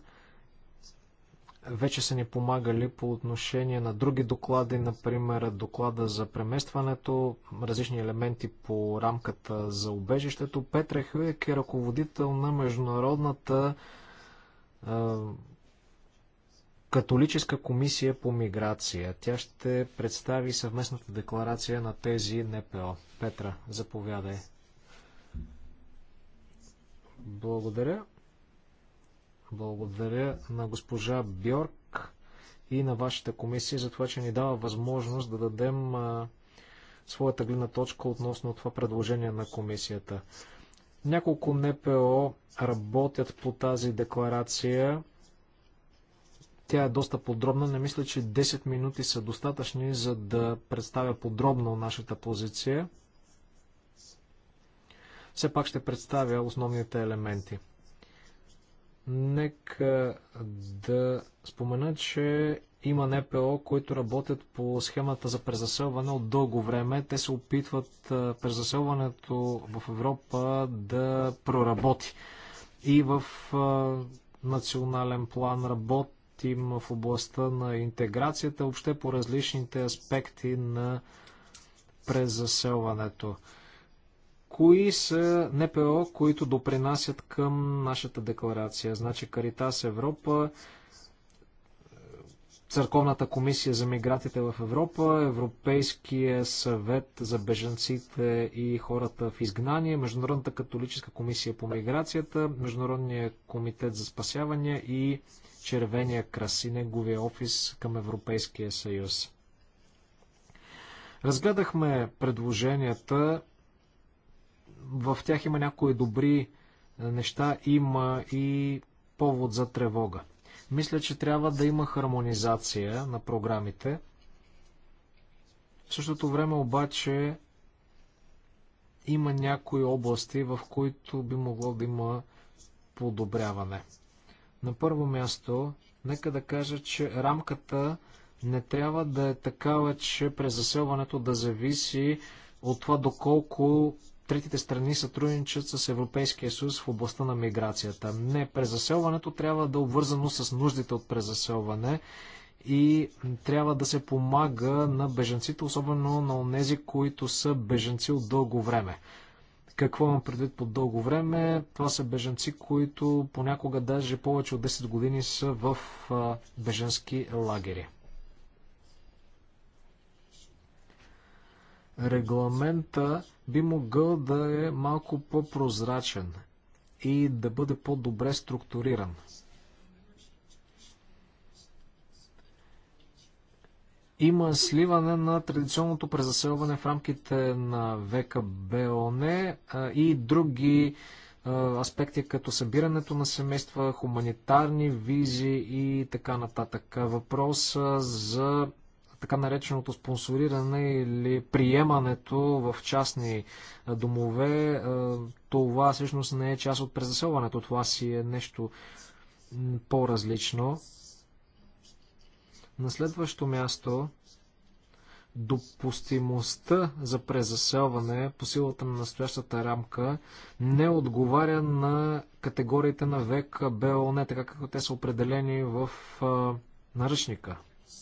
Вече са ни помагали по отношение на други доклади, например доклада за преместването, различни елементи по рамката за убежището. Петра Хюек е ръководител на Международната католическа комисия по миграция. Тя ще представи съвместната декларация на тези НПО. Петра, заповядай. Благодаря. Благодаря на госпожа Бьорк и на вашата комисия за това, че ни дава възможност да дадем а, своята гледна точка относно това предложение на комисията. Няколко НПО работят по тази декларация тя е доста подробна. Не мисля, че 10 минути са достатъчни, за да представя подробно нашата позиция. Все пак ще представя основните елементи. Нека да спомена, че има НПО, които работят по схемата за презаселване от дълго време. Те се опитват презаселването в Европа да проработи. И в национален план работят работим в областта на интеграцията, въобще по различните аспекти на презаселването. Кои са НПО, които допринасят към нашата декларация? Значи Каритас Европа, Църковната комисия за мигрантите в Европа, Европейския съвет за беженците и хората в изгнание, Международната католическа комисия по миграцията, Международния комитет за спасяване и червения краси, неговия офис към Европейския съюз. Разгледахме предложенията. В тях има някои добри неща, има и повод за тревога. Мисля, че трябва да има хармонизация на програмите. В същото време обаче има някои области, в които би могло да има подобряване. На първо място, нека да кажа, че рамката не трябва да е такава, че през заселването да зависи от това доколко третите страни сътрудничат с Европейския съюз в областта на миграцията. Не, презаселването трябва да е обвързано с нуждите от презаселване и трябва да се помага на беженците, особено на онези, които са беженци от дълго време. Какво имам предвид по дълго време? Това са беженци, които понякога даже повече от 10 години са в беженски лагери. Регламента би могъл да е малко по-прозрачен и да бъде по-добре структуриран. има сливане на традиционното презаселване в рамките на Века БОН и други аспекти, като събирането на семейства, хуманитарни визи и така нататък. Въпрос за така нареченото спонсориране или приемането в частни домове, това всъщност не е част от презаселването, това си е нещо по-различно. На следващо място, допустимостта за презаселване по силата на настоящата рамка не отговаря на категориите на век БЛН, така както те са определени в наръчника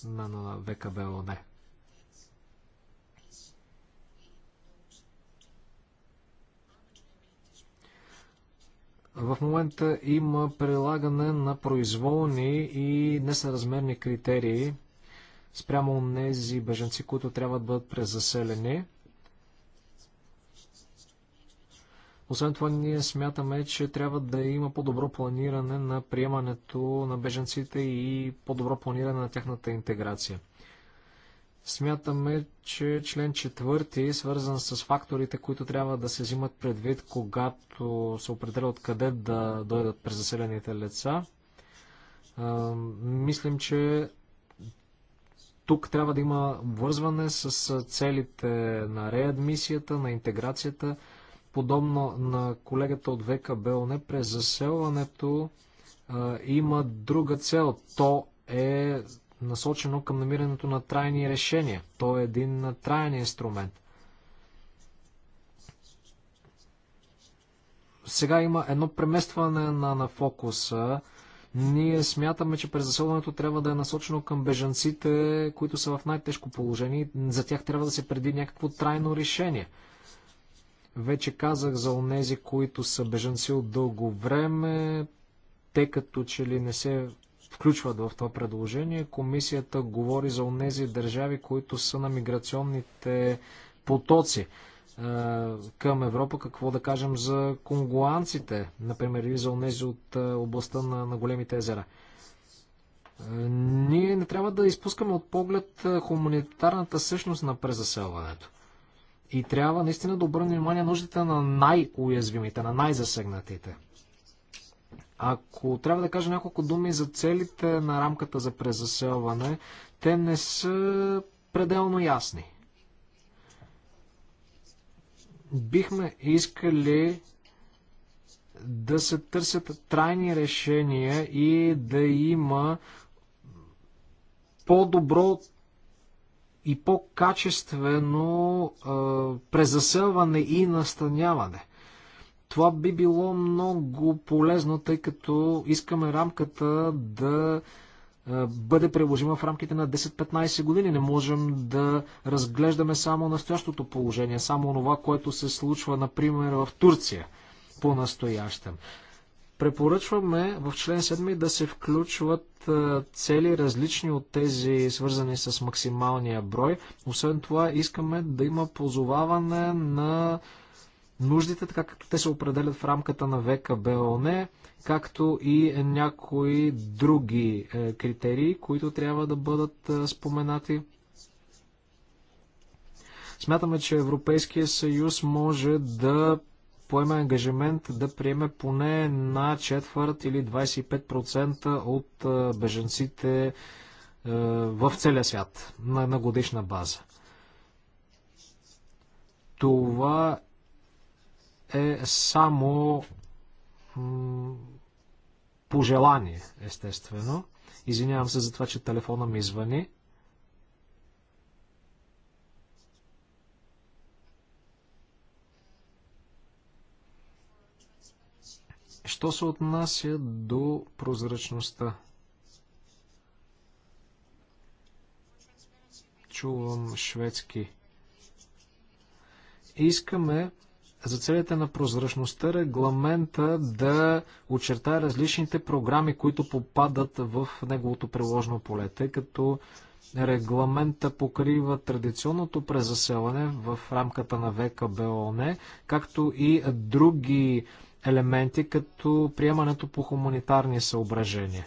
на, века БЛН. В момента има прилагане на произволни и несъразмерни критерии спрямо тези беженци, които трябва да бъдат презаселени. Освен това, ние смятаме, че трябва да има по-добро планиране на приемането на беженците и по-добро планиране на тяхната интеграция. Смятаме, че член 4, свързан с факторите, които трябва да се взимат предвид, когато се определя откъде да дойдат през заселените лица, мислим, че тук трябва да има вързване с целите на реадмисията, на интеграцията, подобно на колегата от ВКБ, не през заселването има друга цел. То е насочено към намирането на трайни решения. То е един траен инструмент. Сега има едно преместване на, на фокуса. Ние смятаме, че заселването трябва да е насочено към бежанците, които са в най-тежко положение. За тях трябва да се преди някакво трайно решение. Вече казах за онези, които са бежанци от дълго време, те като че ли не се включват в това предложение. Комисията говори за онези държави, които са на миграционните потоци е, към Европа, какво да кажем за конгуанците, например, или за онези от е, областта на, на големите езера. Е, ние не трябва да изпускаме от поглед хуманитарната същност на презаселването. И трябва наистина да обърнем внимание нуждите на най-уязвимите, на най-засегнатите. Ако трябва да кажа няколко думи за целите на рамката за презаселване, те не са пределно ясни. Бихме искали да се търсят трайни решения и да има по-добро и по-качествено е, презаселване и настаняване. Това би било много полезно, тъй като искаме рамката да бъде приложима в рамките на 10-15 години. Не можем да разглеждаме само настоящото положение, само това, което се случва, например, в Турция по-настоящем. Препоръчваме в член 7 да се включват цели различни от тези свързани с максималния брой. Освен това искаме да има позоваване на нуждите, така както те се определят в рамката на БОН, както и някои други е, критерии, които трябва да бъдат е, споменати. Смятаме, че Европейския съюз може да поеме ангажимент да приеме поне на четвърт или 25% от е, беженците в целия свят на, на годишна база. Това е само пожелание, естествено. Извинявам се за това, че телефона ми звъни. Що се отнася до прозрачността? Чувам шведски. Искаме за целите на прозрачността регламента да очертае различните програми, които попадат в неговото приложно поле, тъй като регламента покрива традиционното презаселване в рамката на ВКБОН, както и други елементи, като приемането по хуманитарни съображения.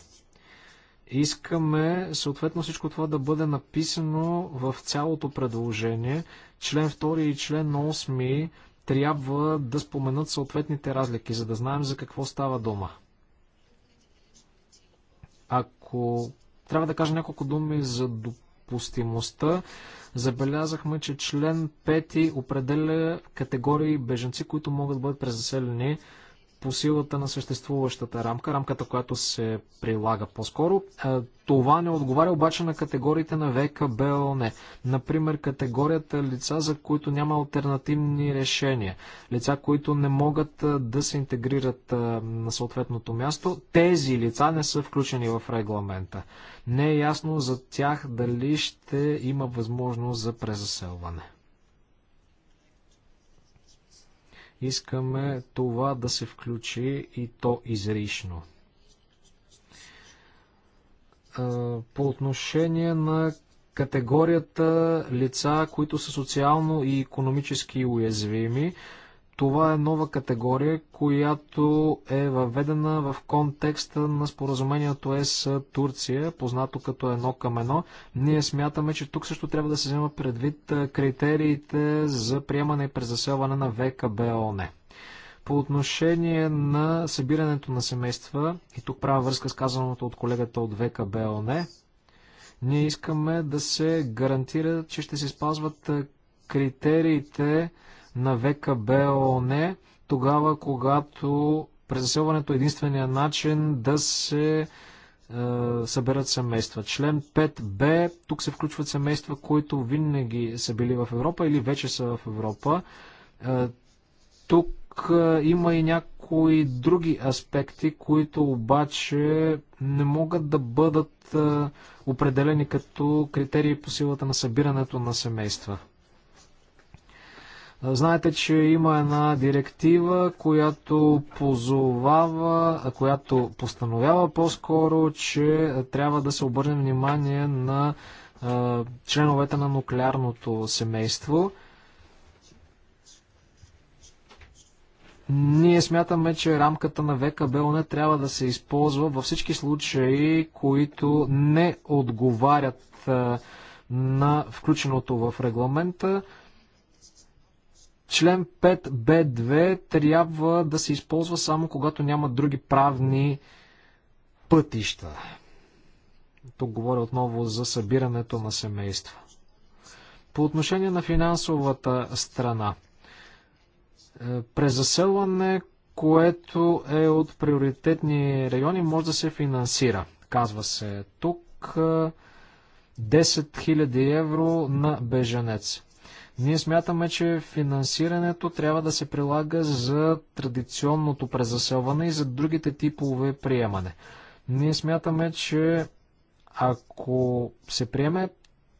Искаме съответно всичко това да бъде написано в цялото предложение. Член 2 и член 8 трябва да споменат съответните разлики, за да знаем за какво става дума. Ако трябва да кажа няколко думи за допустимостта, забелязахме, че член 5 определя категории беженци, които могат да бъдат презаселени по силата на съществуващата рамка, рамката, която се прилага по-скоро. Е, това не отговаря обаче на категориите на ВКБОН. Е. Например, категорията лица, за които няма альтернативни решения. Лица, които не могат е, да се интегрират на съответното място. Тези лица не са включени в регламента. Не е ясно за тях дали ще има възможност за презаселване. Искаме това да се включи и то изрично. По отношение на категорията лица, които са социално и економически уязвими, това е нова категория, която е въведена в контекста на споразумението е с Турция, познато като едно към едно. Ние смятаме, че тук също трябва да се взема предвид критериите за приемане и презаселване на ВКБОН. По отношение на събирането на семейства, и тук правя връзка с казаното от колегата от ВКБОН, ние искаме да се гарантира, че ще се спазват критериите, на БОН тогава когато през заселването е единствения начин да се е, съберат семейства. Член 5б, тук се включват семейства, които винаги са били в Европа или вече са в Европа. Е, тук е, има и някои други аспекти, които обаче не могат да бъдат е, определени като критерии по силата на събирането на семейства. Знаете, че има една директива, която позовава, която постановява по-скоро, че трябва да се обърне внимание на членовете на нуклеарното семейство. Ние смятаме, че рамката на ВКБ не трябва да се използва във всички случаи, които не отговарят на включеното в регламента. Член 5b2 трябва да се използва само когато няма други правни пътища. Тук говоря отново за събирането на семейства. По отношение на финансовата страна, е, презаселване, което е от приоритетни райони, може да се финансира. Казва се тук 10 е, 000 евро на беженец. Ние смятаме, че финансирането трябва да се прилага за традиционното презаселване и за другите типове приемане. Ние смятаме, че ако се приеме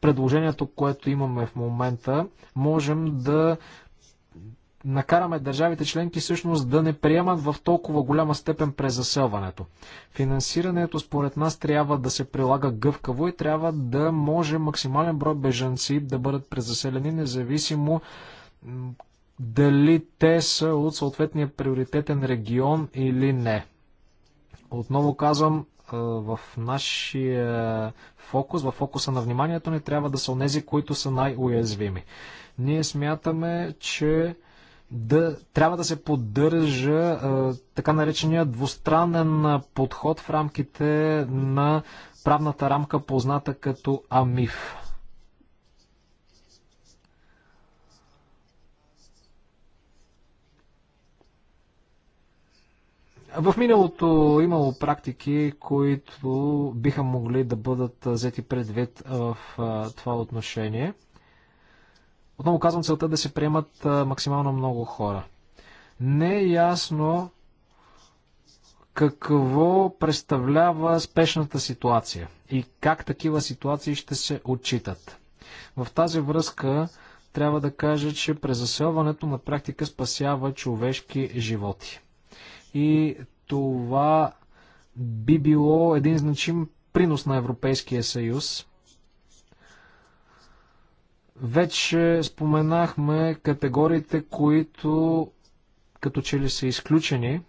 предложението, което имаме в момента, можем да накараме държавите членки всъщност да не приемат в толкова голяма степен презаселването. Финансирането според нас трябва да се прилага гъвкаво и трябва да може максимален брой бежанци да бъдат презаселени, независимо дали те са от съответния приоритетен регион или не. Отново казвам, е, в нашия фокус, в фокуса на вниманието ни трябва да са онези, които са най-уязвими. Ние смятаме, че да трябва да се поддържа а, така наречения двустранен подход в рамките на правната рамка, позната като АМИФ. В миналото имало практики, които биха могли да бъдат взети предвид в това отношение – отново казвам, целта е да се приемат максимално много хора. Не е ясно какво представлява спешната ситуация и как такива ситуации ще се отчитат. В тази връзка трябва да кажа, че презаселването на практика спасява човешки животи. И това би било един значим принос на Европейския съюз вече споменахме категориите, които като че ли са изключени.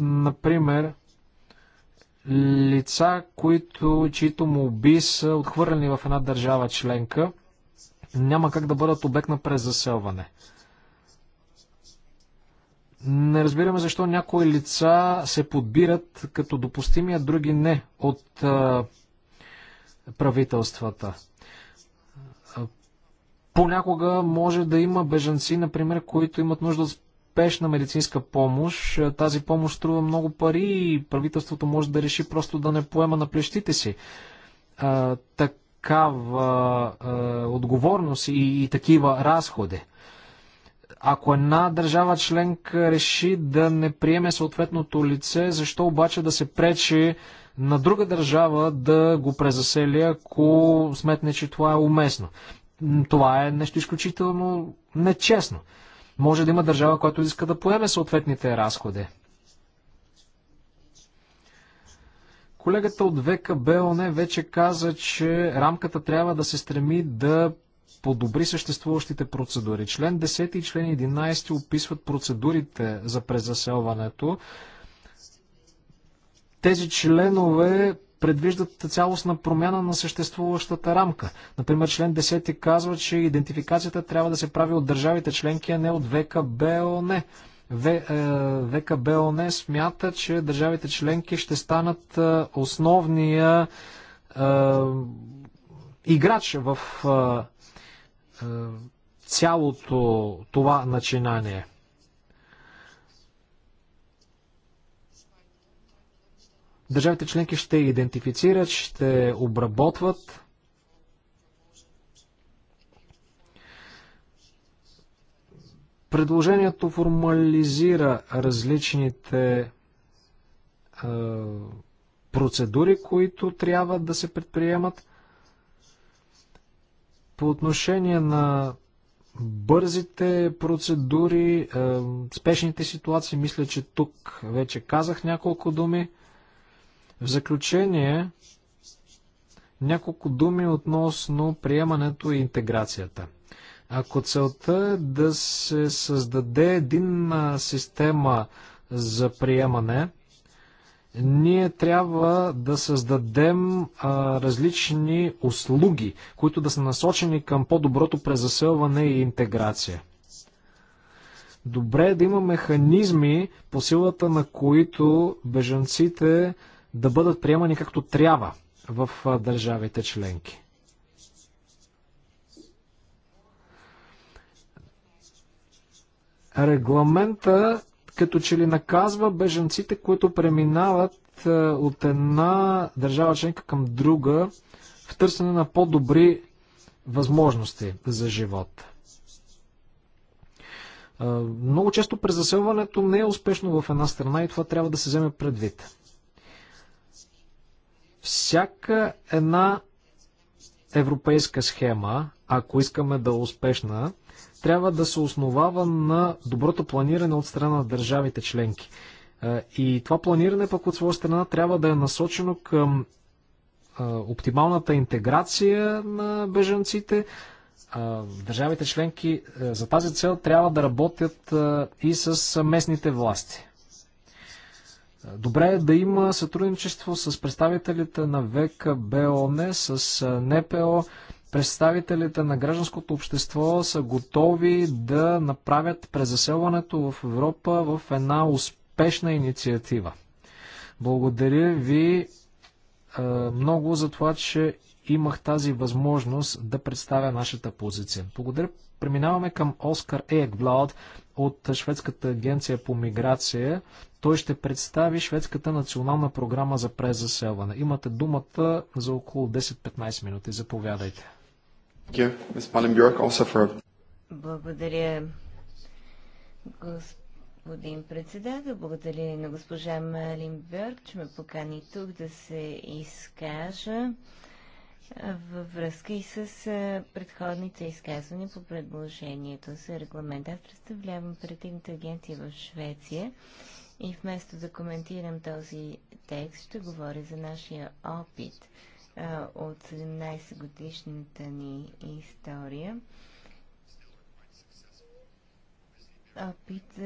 Например, лица, които, чието му уби са отхвърлени в една държава членка, няма как да бъдат обект на презаселване. Не разбираме защо някои лица се подбират като допустими, а други не от а, правителствата. Понякога може да има бежанци, например, които имат нужда от спешна медицинска помощ. Тази помощ струва много пари и правителството може да реши просто да не поема на плещите си такава отговорност и, и такива разходи. Ако една държава членка реши да не приеме съответното лице, защо обаче да се пречи на друга държава да го презасели, ако сметне, че това е уместно. Това е нещо изключително нечестно. Може да има държава, която иска да поеме съответните разходи. Колегата от ВКБ не вече каза, че рамката трябва да се стреми да подобри съществуващите процедури. Член 10 и член 11 описват процедурите за презаселването. Тези членове предвиждат цялостна промяна на съществуващата рамка. Например, член 10 казва, че идентификацията трябва да се прави от държавите членки, а не от ВКБОН. Е, ВКБОН смята, че държавите членки ще станат е, основния е, играч в цялото това начинание. Държавите членки ще идентифицират, ще обработват Предложението формализира различните е, процедури, които трябва да се предприемат. По отношение на бързите процедури, е, спешните ситуации, мисля, че тук вече казах няколко думи. В заключение, няколко думи относно приемането и интеграцията. Ако целта е да се създаде единна система за приемане, ние трябва да създадем а, различни услуги, които да са насочени към по-доброто презаселване и интеграция. Добре е да има механизми, по силата на които бежанците да бъдат приемани както трябва в държавите членки. Регламента като че ли наказва бежанците, които преминават от една държава членка към друга в търсене на по-добри възможности за живот. Много често презаселването не е успешно в една страна и това трябва да се вземе предвид. Всяка една европейска схема, ако искаме да е успешна, трябва да се основава на доброто планиране от страна на държавите членки. Е, и това планиране пък от своя страна трябва да е насочено към е, оптималната интеграция на бежанците. Е, държавите членки за тази цел трябва да работят и с местните власти. Добре е да има сътрудничество с представителите на ВКБОН, с НПО. Представителите на гражданското общество са готови да направят презаселването в Европа в една успешна инициатива. Благодаря ви много за това, че имах тази възможност да представя нашата позиция. Благодаря. Преминаваме към Оскар Ейкблауд, от Шведската агенция по миграция. Той ще представи Шведската национална програма за презаселване. Имате думата за около 10-15 минути. Заповядайте. Благодаря, господин председател. Благодаря на госпожа Малин Бьорк, че ме покани тук да се изкажа във връзка и с предходните изказвания по предложението за регламент. Аз представлявам оперативната агенция в Швеция и вместо да коментирам този текст, ще говоря за нашия опит от 17 годишната ни история. Опит,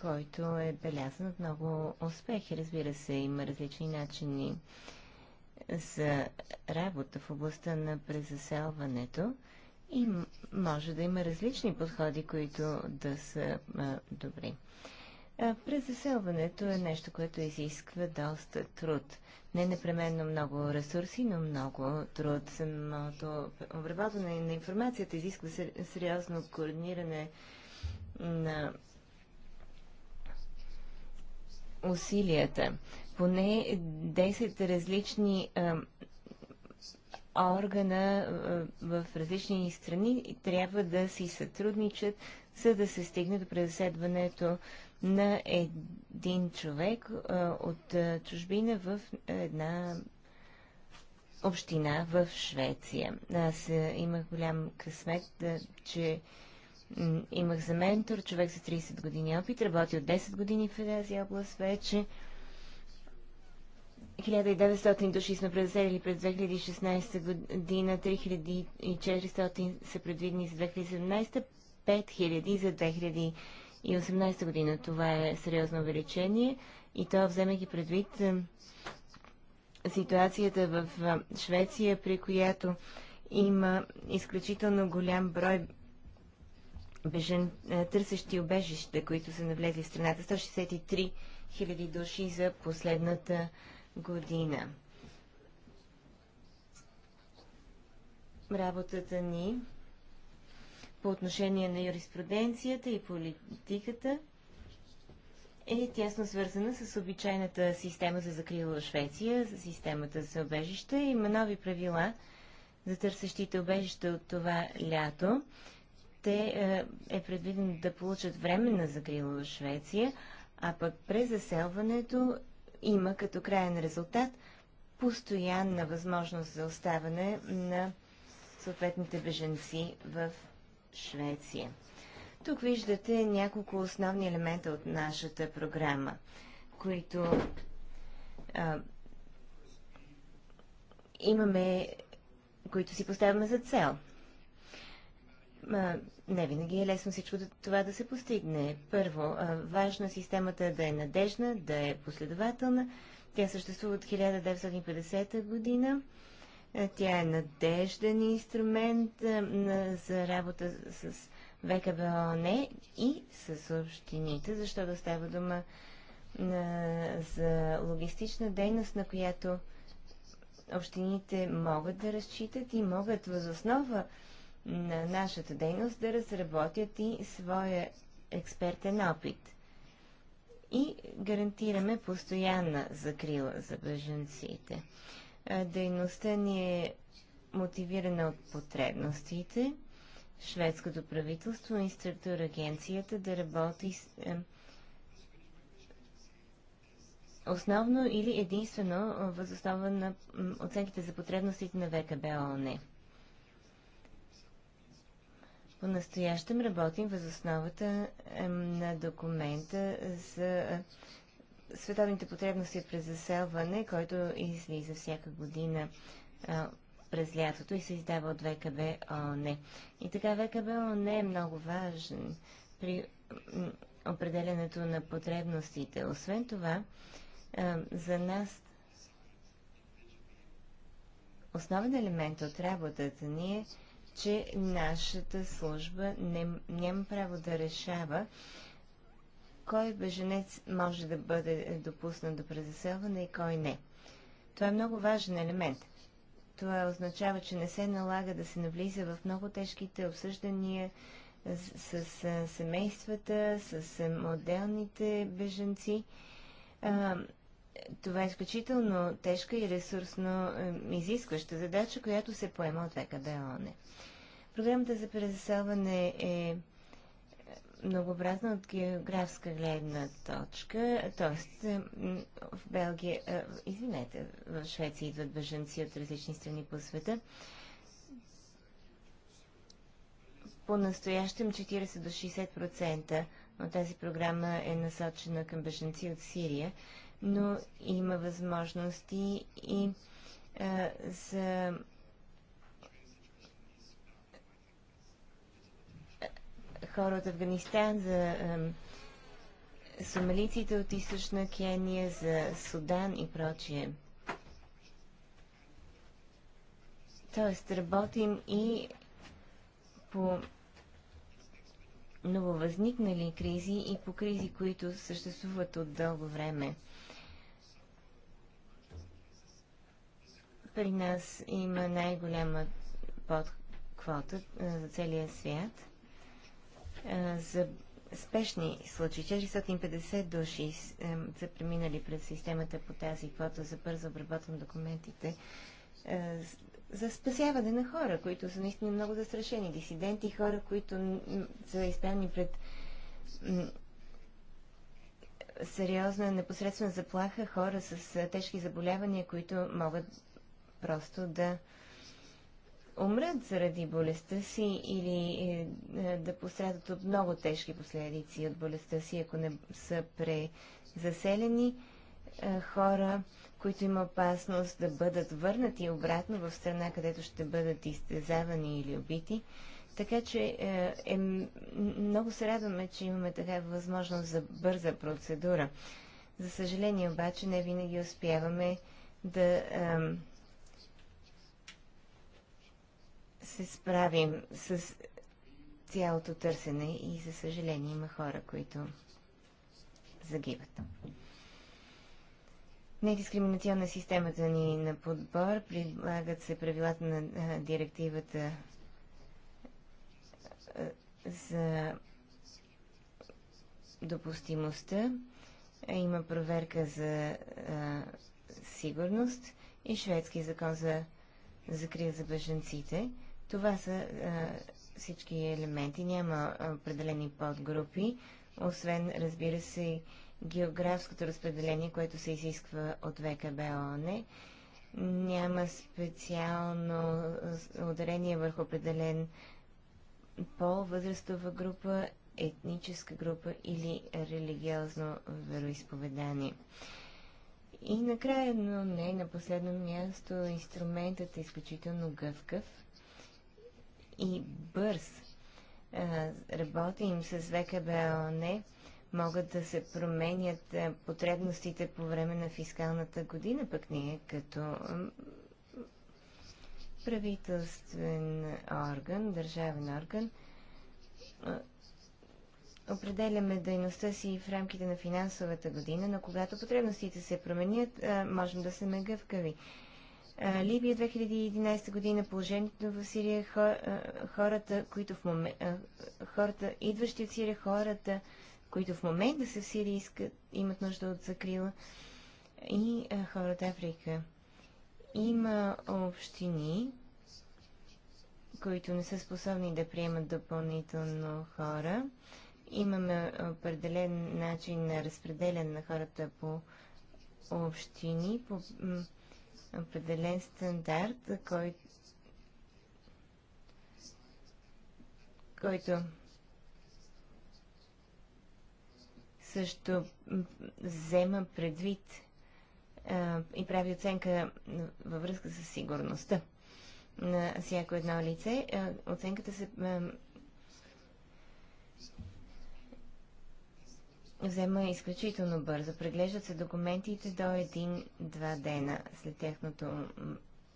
който е белязан от много успехи. Разбира се, има различни начини за работа в областта на презаселването и може да има различни подходи, които да са а, добри. А, презаселването е нещо, което изисква доста труд. Не непременно много ресурси, но много труд. Самото обработване на информацията изисква сериозно координиране на усилията поне 10 различни а, органа а, в различни страни трябва да си сътрудничат, за да се стигне до преследването на един човек а, от чужбина в една община в Швеция. Аз имах голям късмет, че имах за ментор човек за 30 години опит, работи от 10 години в тази област вече. 1900 души сме презаселили през 2016 година, 3400 са предвидени за 2017, 5000 за 2018 година. Това е сериозно увеличение и то вземайки предвид е, ситуацията в е, Швеция, при която има изключително голям брой бежен, е, търсещи обежища, които са навлезли в страната. 163 000 души за последната година. Работата ни по отношение на юриспруденцията и политиката е тясно свързана с обичайната система за закрила в Швеция, с системата за обежище. Има нови правила за търсещите обежище от това лято. Те е, е, предвидено да получат временна закрила в Швеция, а пък през заселването има като крайен резултат постоянна възможност за оставане на съответните беженци в Швеция. Тук виждате няколко основни елемента от нашата програма, които а, имаме, които си поставяме за цел не винаги е лесно всичко това да се постигне. Първо, важно системата да е надежна, да е последователна. Тя съществува от 1950 година. Тя е надежден инструмент за работа с ВКБОН и с общините, защото става дума за логистична дейност, на която общините могат да разчитат и могат възоснова основа на нашата дейност да разработят и своя експертен опит. И гарантираме постоянна закрила за бъженците. Дейността ни е мотивирана от потребностите. Шведското правителство и структура агенцията да работи с, е, основно или единствено възоснова на оценките за потребностите на ВКБ ООН. По-настоящем работим въз основата на документа за е, световните потребности през заселване, който излиза всяка година е, през лятото и се издава от ВКБ ООН. И така ВКБ ООН е много важен при определенето на потребностите. Освен това, е, за нас основен елемент от работата ни е че нашата служба не, няма право да решава кой беженец може да бъде допуснат до презаселване и кой не. Това е много важен елемент. Това означава, че не се налага да се навлиза в много тежките обсъждания с, с семействата, с, с отделните беженци. А, това е изключително тежка и ресурсно изискваща задача, която се поема от ВКБ Програмата за презаселване е, е многообразна от географска гледна точка, т.е. в Белгия, е, извинете, в Швеция идват бъженци от различни страни по света. По-настоящем 40 до 60% от тази програма е насочена към бъженци от Сирия но има възможности и а, за хора от Афганистан, за а, сумалиците от източна Кения, за Судан и прочие. Тоест, работим и по нововъзникнали кризи и по кризи, които съществуват от дълго време. При нас има най-голяма подквота за целия свят за спешни случаи. 450 души са преминали през системата по тази квота за бързо обработвам документите за спасяване на хора, които са наистина много застрашени. Дисиденти, хора, които са изправени пред сериозна непосредствена заплаха, хора с тежки заболявания, които могат просто да умрат заради болестта си или е, е, да пострадат от много тежки последици от болестта си, ако не са презаселени е, хора, които има опасност да бъдат върнати обратно в страна, където ще бъдат изтезавани или убити. Така че е, много се радваме, че имаме такава възможност за бърза процедура. За съжаление обаче не винаги успяваме да е, се справим с цялото търсене и за съжаление има хора, които загиват. Недискриминационна системата ни на подбор прилагат се правилата на директивата за допустимостта. Има проверка за сигурност и шведски закон за закрил за бъженците. Това са а, всички елементи. Няма определени подгрупи, освен, разбира се, географското разпределение, което се изисква от ВКБ ООН. Няма специално ударение върху определен пол, възрастова група, етническа група или религиозно вероисповедание. И накрая, но не на последно място, инструментът е изключително гъвкав и бърз. Работим с не, могат да се променят потребностите по време на фискалната година, пък ние като правителствен орган, държавен орган, определяме дейността си в рамките на финансовата година, но когато потребностите се променят, можем да сме гъвкави. Либия 2011 година, положението в Сирия, хората, които в момент, хората, идващи от Сирия, хората, които в момента са в Сирия, искат, имат нужда от закрила и хората Африка. Има общини, които не са способни да приемат допълнително хора. Имаме определен начин на разпределен на хората по общини, по определен стандарт, кой, който също взема предвид а, и прави оценка във връзка с сигурността на всяко едно лице. А, оценката се а, взема изключително бързо. Преглеждат се документите до един-два дена след техното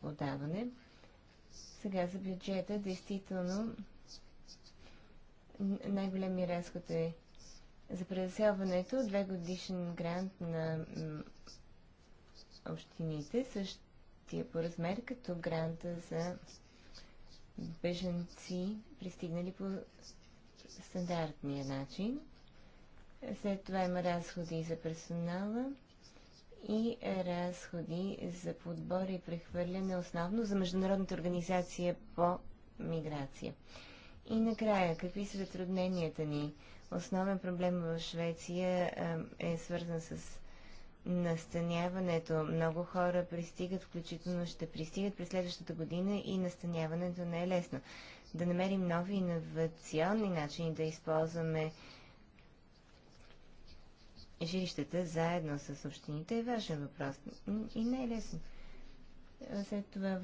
подаване. Сега за бюджета, действително, най-големия разход е за преселването, две годишен грант на общините, същия по размер като гранта за беженци, пристигнали по стандартния начин. След това има разходи за персонала и разходи за подбор и прехвърляне, основно за Международната организация по миграция. И накрая, какви са затрудненията ни? Основен проблем в Швеция е, е свързан с настаняването. Много хора пристигат, включително ще пристигат през следващата година и настаняването не е лесно. Да намерим нови инновационни начини да използваме жилищата заедно с общините е важен въпрос и не е лесен. След това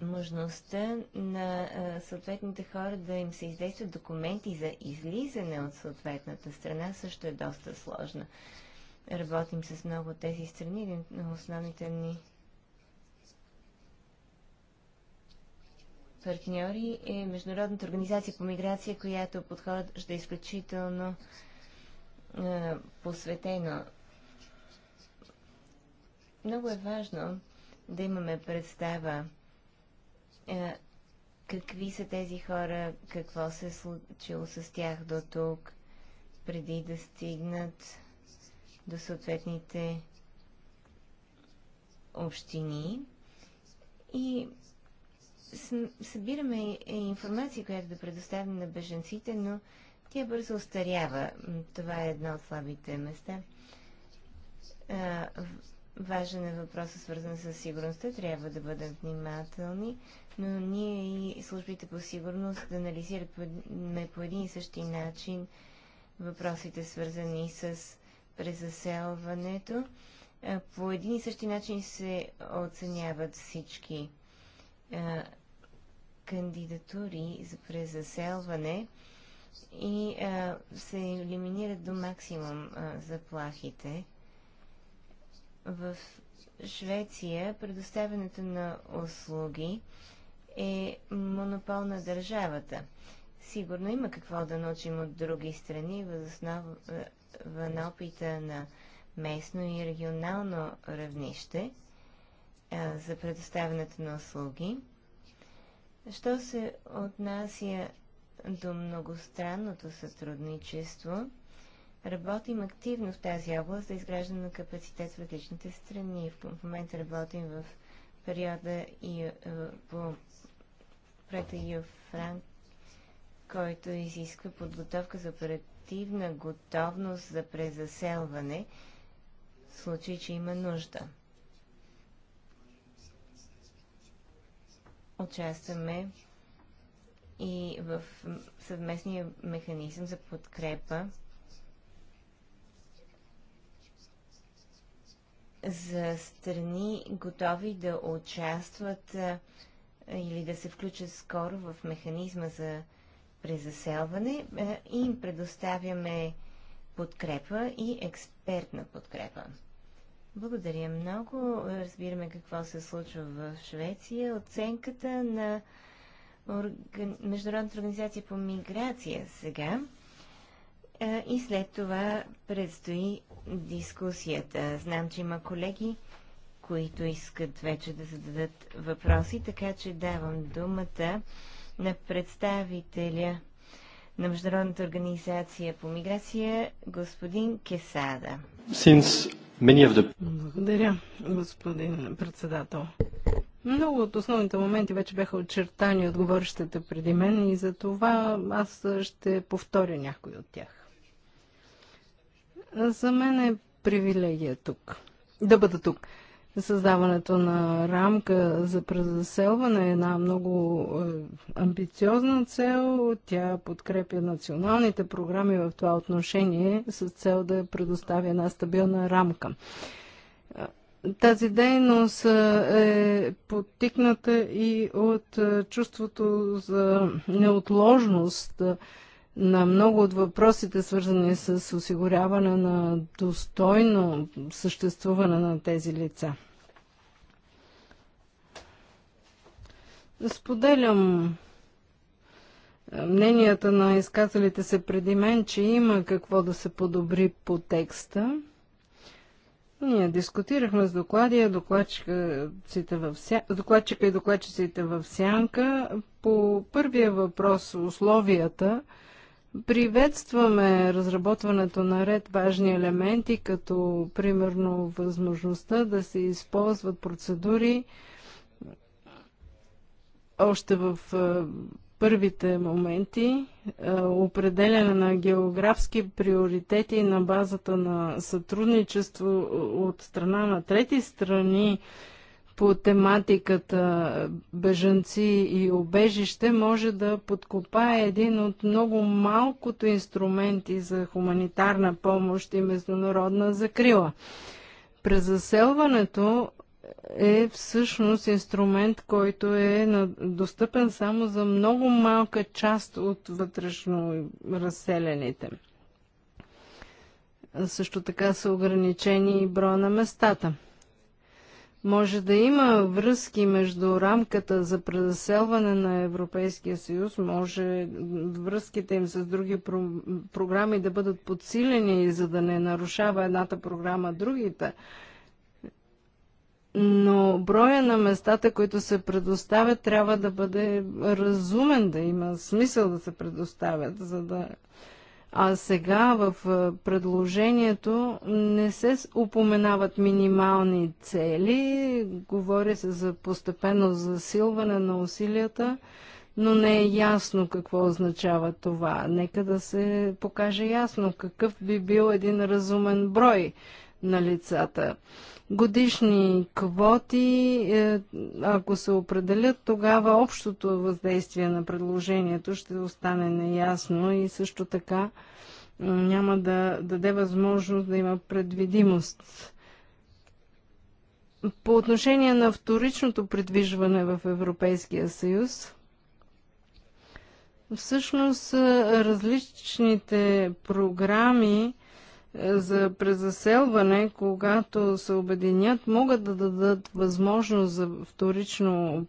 възможността на съответните хора да им се издействат документи за излизане от съответната страна също е доста сложна. Работим с много от тези страни, но основните ни партньори е Международната организация по миграция, която подхожда изключително е, посветена. Много е важно да имаме представа е, какви са тези хора, какво се е случило с тях до тук, преди да стигнат до съответните общини. И събираме информация, която да предоставим на беженците, но тя бързо остарява. Това е едно от слабите места. А, важен е въпросът, свързан с сигурността. Трябва да бъдем внимателни, но ние и службите по сигурност да анализираме по един и същи начин въпросите, свързани с презаселването. По един и същи начин се оценяват всички а, кандидатури за презаселване и а, е, се елиминират до максимум а, е, заплахите. В Швеция предоставянето на услуги е монопол на държавата. Сигурно има какво да научим от други страни основа на е, опита на местно и регионално равнище а, за предоставянето на услуги. Що се отнася до многостранното сътрудничество. Работим активно в тази област за изграждане на капацитет в различните страни. В момента работим в периода и е, по проекта Франк, който изисква подготовка за оперативна готовност за презаселване в случай, че има нужда. Участваме и в съвместния механизъм за подкрепа за страни, готови да участват или да се включат скоро в механизма за презаселване и им предоставяме подкрепа и експертна подкрепа. Благодаря много. Разбираме какво се случва в Швеция. Оценката на орган... Международната организация по миграция сега. И след това предстои дискусията. Знам, че има колеги, които искат вече да зададат въпроси, така че давам думата на представителя на Международната организация по миграция, господин Кесада. The... Благодаря, господин председател. Много от основните моменти вече бяха очертани от говорещата преди мен и за това аз ще повторя някой от тях. За мен е привилегия тук. Да бъда тук. Създаването на рамка за презаселване е една много е, амбициозна цел. Тя подкрепя националните програми в това отношение с цел да предоставя една стабилна рамка тази дейност е, е подтикната и от е, чувството за неотложност на много от въпросите, свързани с осигуряване на достойно съществуване на тези лица. Споделям е, мненията на изказалите се преди мен, че има какво да се подобри по текста. Ние дискутирахме с докладия, в ся... докладчика и докладчиците в сянка. По първия въпрос, условията, приветстваме разработването на ред важни елементи, като примерно възможността да се използват процедури още в е, първите моменти, е, определяне на географски приоритети на базата на сътрудничество от страна на трети страни по тематиката бежанци и обежище може да подкопае един от много малкото инструменти за хуманитарна помощ и международна закрила. Презаселването е всъщност инструмент, който е достъпен само за много малка част от вътрешно разселените. Също така са ограничени и броя на местата. Може да има връзки между рамката за презаселване на Европейския съюз, може връзките им с други про програми да бъдат подсилени, за да не нарушава едната програма другите но броя на местата, които се предоставят, трябва да бъде разумен, да има смисъл да се предоставят, за да... А сега в предложението не се упоменават минимални цели, говори се за постепенно засилване на усилията, но не е ясно какво означава това. Нека да се покаже ясно какъв би бил един разумен брой на лицата годишни квоти, е, ако се определят, тогава общото въздействие на предложението ще остане неясно и също така няма да даде възможност да има предвидимост. По отношение на вторичното придвижване в Европейския съюз, всъщност е, различните програми, за презаселване, когато се обединят, могат да дадат възможност за вторично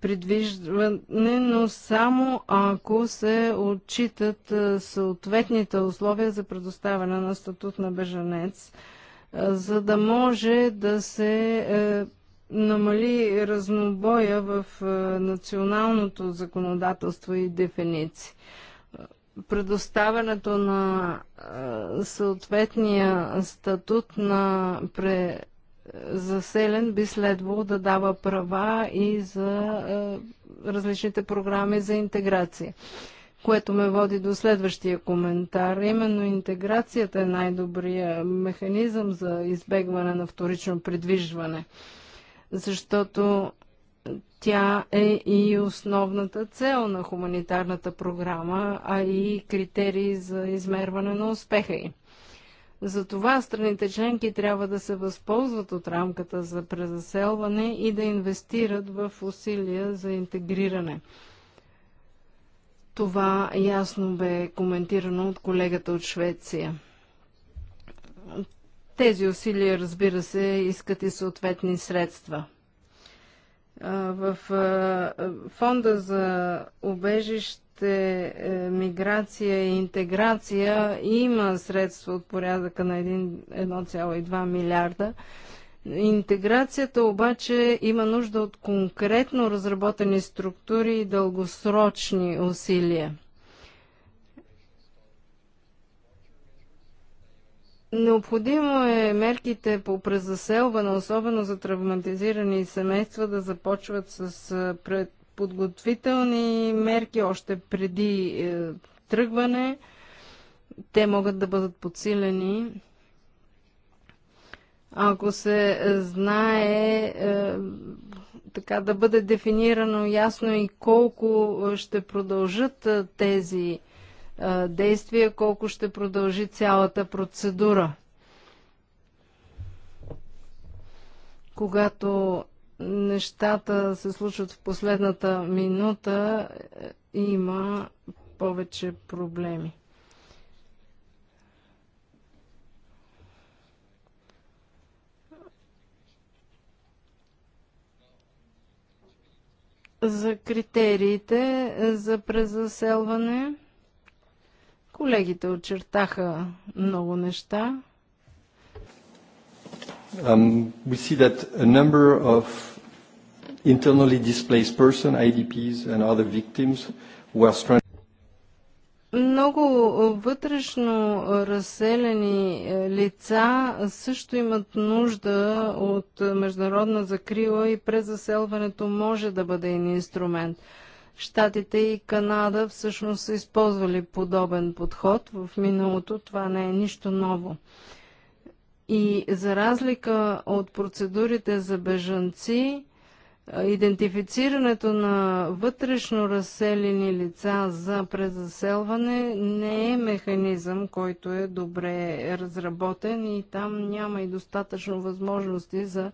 придвижване, но само ако се отчитат съответните условия за предоставяне на статут на бежанец, за да може да се е, намали разнобоя в е, националното законодателство и дефиниции предоставянето на съответния статут на пре... заселен би следвало да дава права и за различните програми за интеграция. Което ме води до следващия коментар. Именно интеграцията е най-добрия механизъм за избегване на вторично придвижване. Защото тя е и основната цел на хуманитарната програма, а и критерии за измерване на успеха й. Затова страните членки трябва да се възползват от рамката за презаселване и да инвестират в усилия за интегриране. Това ясно бе коментирано от колегата от Швеция. Тези усилия, разбира се, искат и съответни средства – в фонда за обежище, е, миграция и интеграция има средства от порядъка на 1,2 милиарда. Интеграцията обаче има нужда от конкретно разработени структури и дългосрочни усилия. Необходимо е мерките по презаселване, особено за травматизирани семейства, да започват с подготвителни мерки още преди е, тръгване. Те могат да бъдат подсилени. Ако се е, знае, е, така да бъде дефинирано ясно и колко ще продължат е, тези действия, колко ще продължи цялата процедура. Когато нещата се случват в последната минута, е, има повече проблеми. За критериите за презаселване – Колегите очертаха много неща. Um, we see that a number of internally displaced person, IDPs and other victims were are много вътрешно разселени е, лица също имат нужда от международна закрила и презаселването може да бъде един инструмент. Штатите и Канада всъщност са използвали подобен подход в миналото. Това не е нищо ново. И за разлика от процедурите за бежанци, идентифицирането на вътрешно разселени лица за презаселване не е механизъм, който е добре разработен и там няма и достатъчно възможности за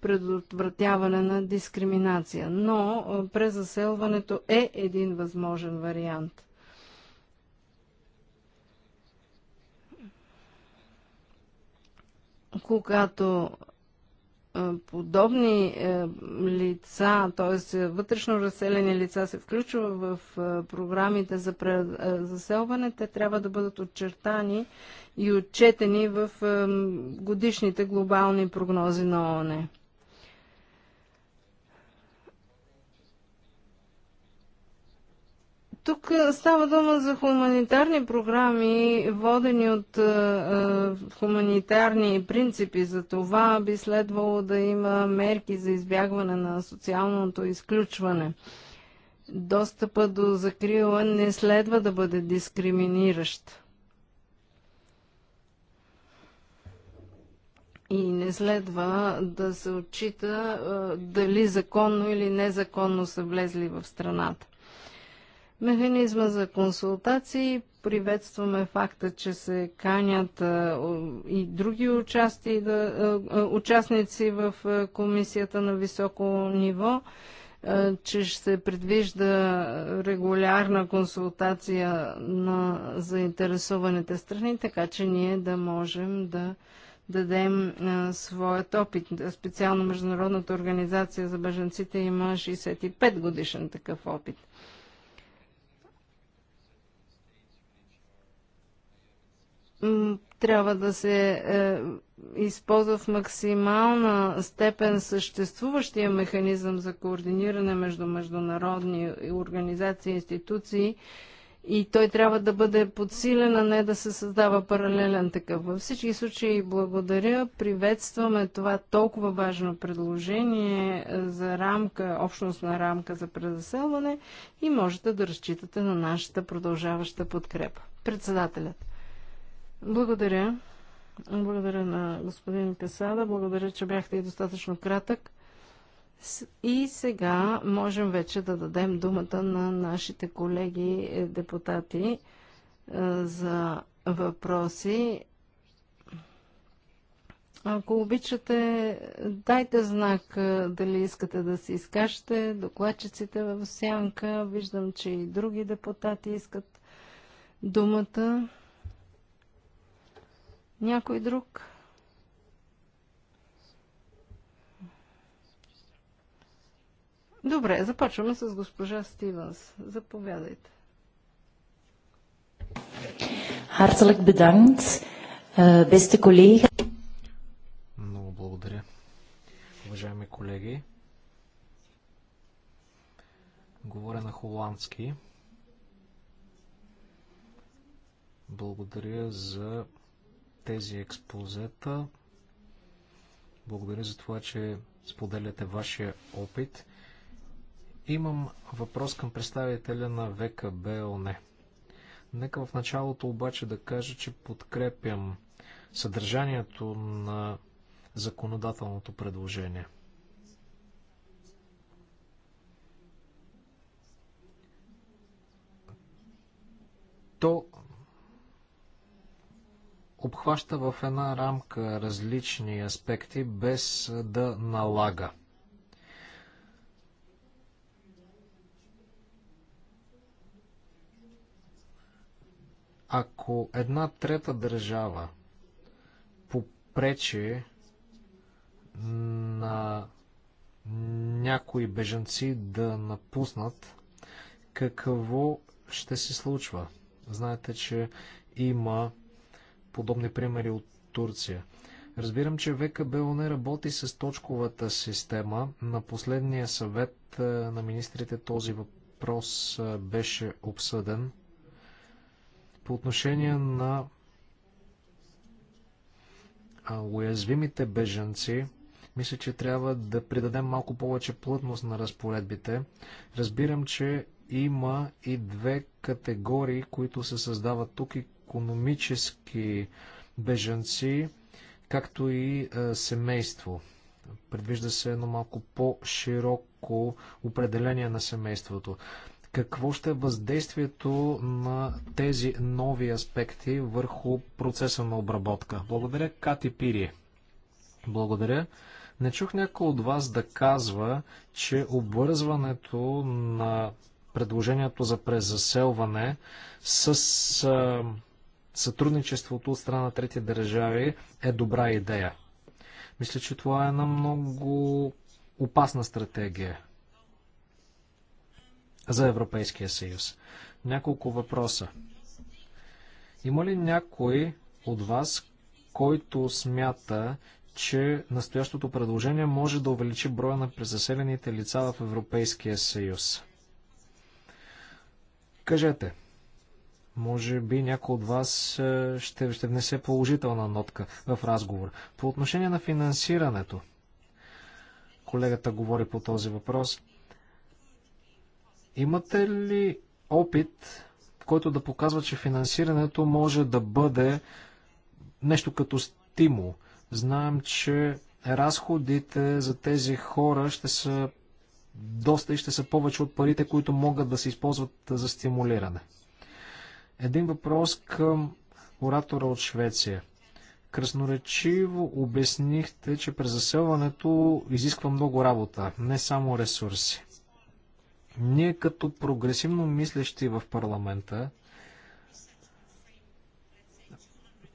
предотвратяване на дискриминация. Но презаселването е един възможен вариант. Когато подобни лица, т.е. вътрешно разселени лица се включва в програмите за заселване, те трябва да бъдат отчертани и отчетени в годишните глобални прогнози на ОНЕ. Тук става дума за хуманитарни програми, водени от е, хуманитарни принципи. За това би следвало да има мерки за избягване на социалното изключване. Достъпа до закрила не следва да бъде дискриминиращ. И не следва да се отчита е, дали законно или незаконно са влезли в страната. Механизма за консултации приветстваме факта, че се канят и други участи, участници в комисията на високо ниво, че ще се предвижда регулярна консултация на заинтересованите страни, така че ние да можем да дадем а, своят опит. Специално Международната организация за беженците има 65 годишен такъв опит. трябва да се е, използва в максимална степен съществуващия механизъм за координиране между международни организации и институции и той трябва да бъде подсилен, а не да се създава паралелен такъв. Във всички случаи благодаря, приветстваме това толкова важно предложение за рамка, общностна рамка за презаселване и можете да разчитате на нашата продължаваща подкрепа. Председателят. Благодаря. Благодаря на господин Касада. Благодаря, че бяхте и достатъчно кратък. И сега можем вече да дадем думата на нашите колеги е, депутати е, за въпроси. Ако обичате, дайте знак е, дали искате да се изкажете. Докладчиците в сянка, виждам, че и други депутати искат думата. Някой друг? Добре, започваме с госпожа Стивенс. Заповядайте. Hartelijk беданц. Безте колеги. Много благодаря. Уважаеми колеги, говоря на холандски. Благодаря за тези експозета. Благодаря за това, че споделяте вашия опит. Имам въпрос към представителя на ВКБ ОНЕ. Нека в началото обаче да кажа, че подкрепям съдържанието на законодателното предложение. То обхваща в една рамка различни аспекти, без да налага. Ако една трета държава попречи на някои бежанци да напуснат, какво ще се случва? Знаете, че има подобни примери от Турция. Разбирам, че ВКБО не работи с точковата система. На последния съвет е, на министрите този въпрос е, беше обсъден. По отношение на уязвимите бежанци, мисля, че трябва да придадем малко повече плътност на разпоредбите. Разбирам, че има и две категории, които се създават тук и економически бежанци, както и семейство. Предвижда се едно малко по-широко определение на семейството. Какво ще е въздействието на тези нови аспекти върху процеса на обработка? Благодаря, Кати Пири. Благодаря. Не чух някой от вас да казва, че обвързването на предложението за презаселване с сътрудничеството от страна на трети държави е добра идея. Мисля, че това е една много опасна стратегия за Европейския съюз. Няколко въпроса. Има ли някой от вас, който смята, че настоящото предложение може да увеличи броя на презаселените лица в Европейския съюз? Кажете, може би някой от вас е, ще, ще внесе положителна нотка в разговор. По отношение на финансирането, колегата говори по този въпрос. Имате ли опит, който да показва, че финансирането може да бъде нещо като стимул? Знаем, че разходите за тези хора ще са доста и ще са повече от парите, които могат да се използват за стимулиране. Един въпрос към оратора от Швеция. Красноречиво обяснихте, че през заселването изисква много работа, не само ресурси. Ние като прогресивно мислещи в парламента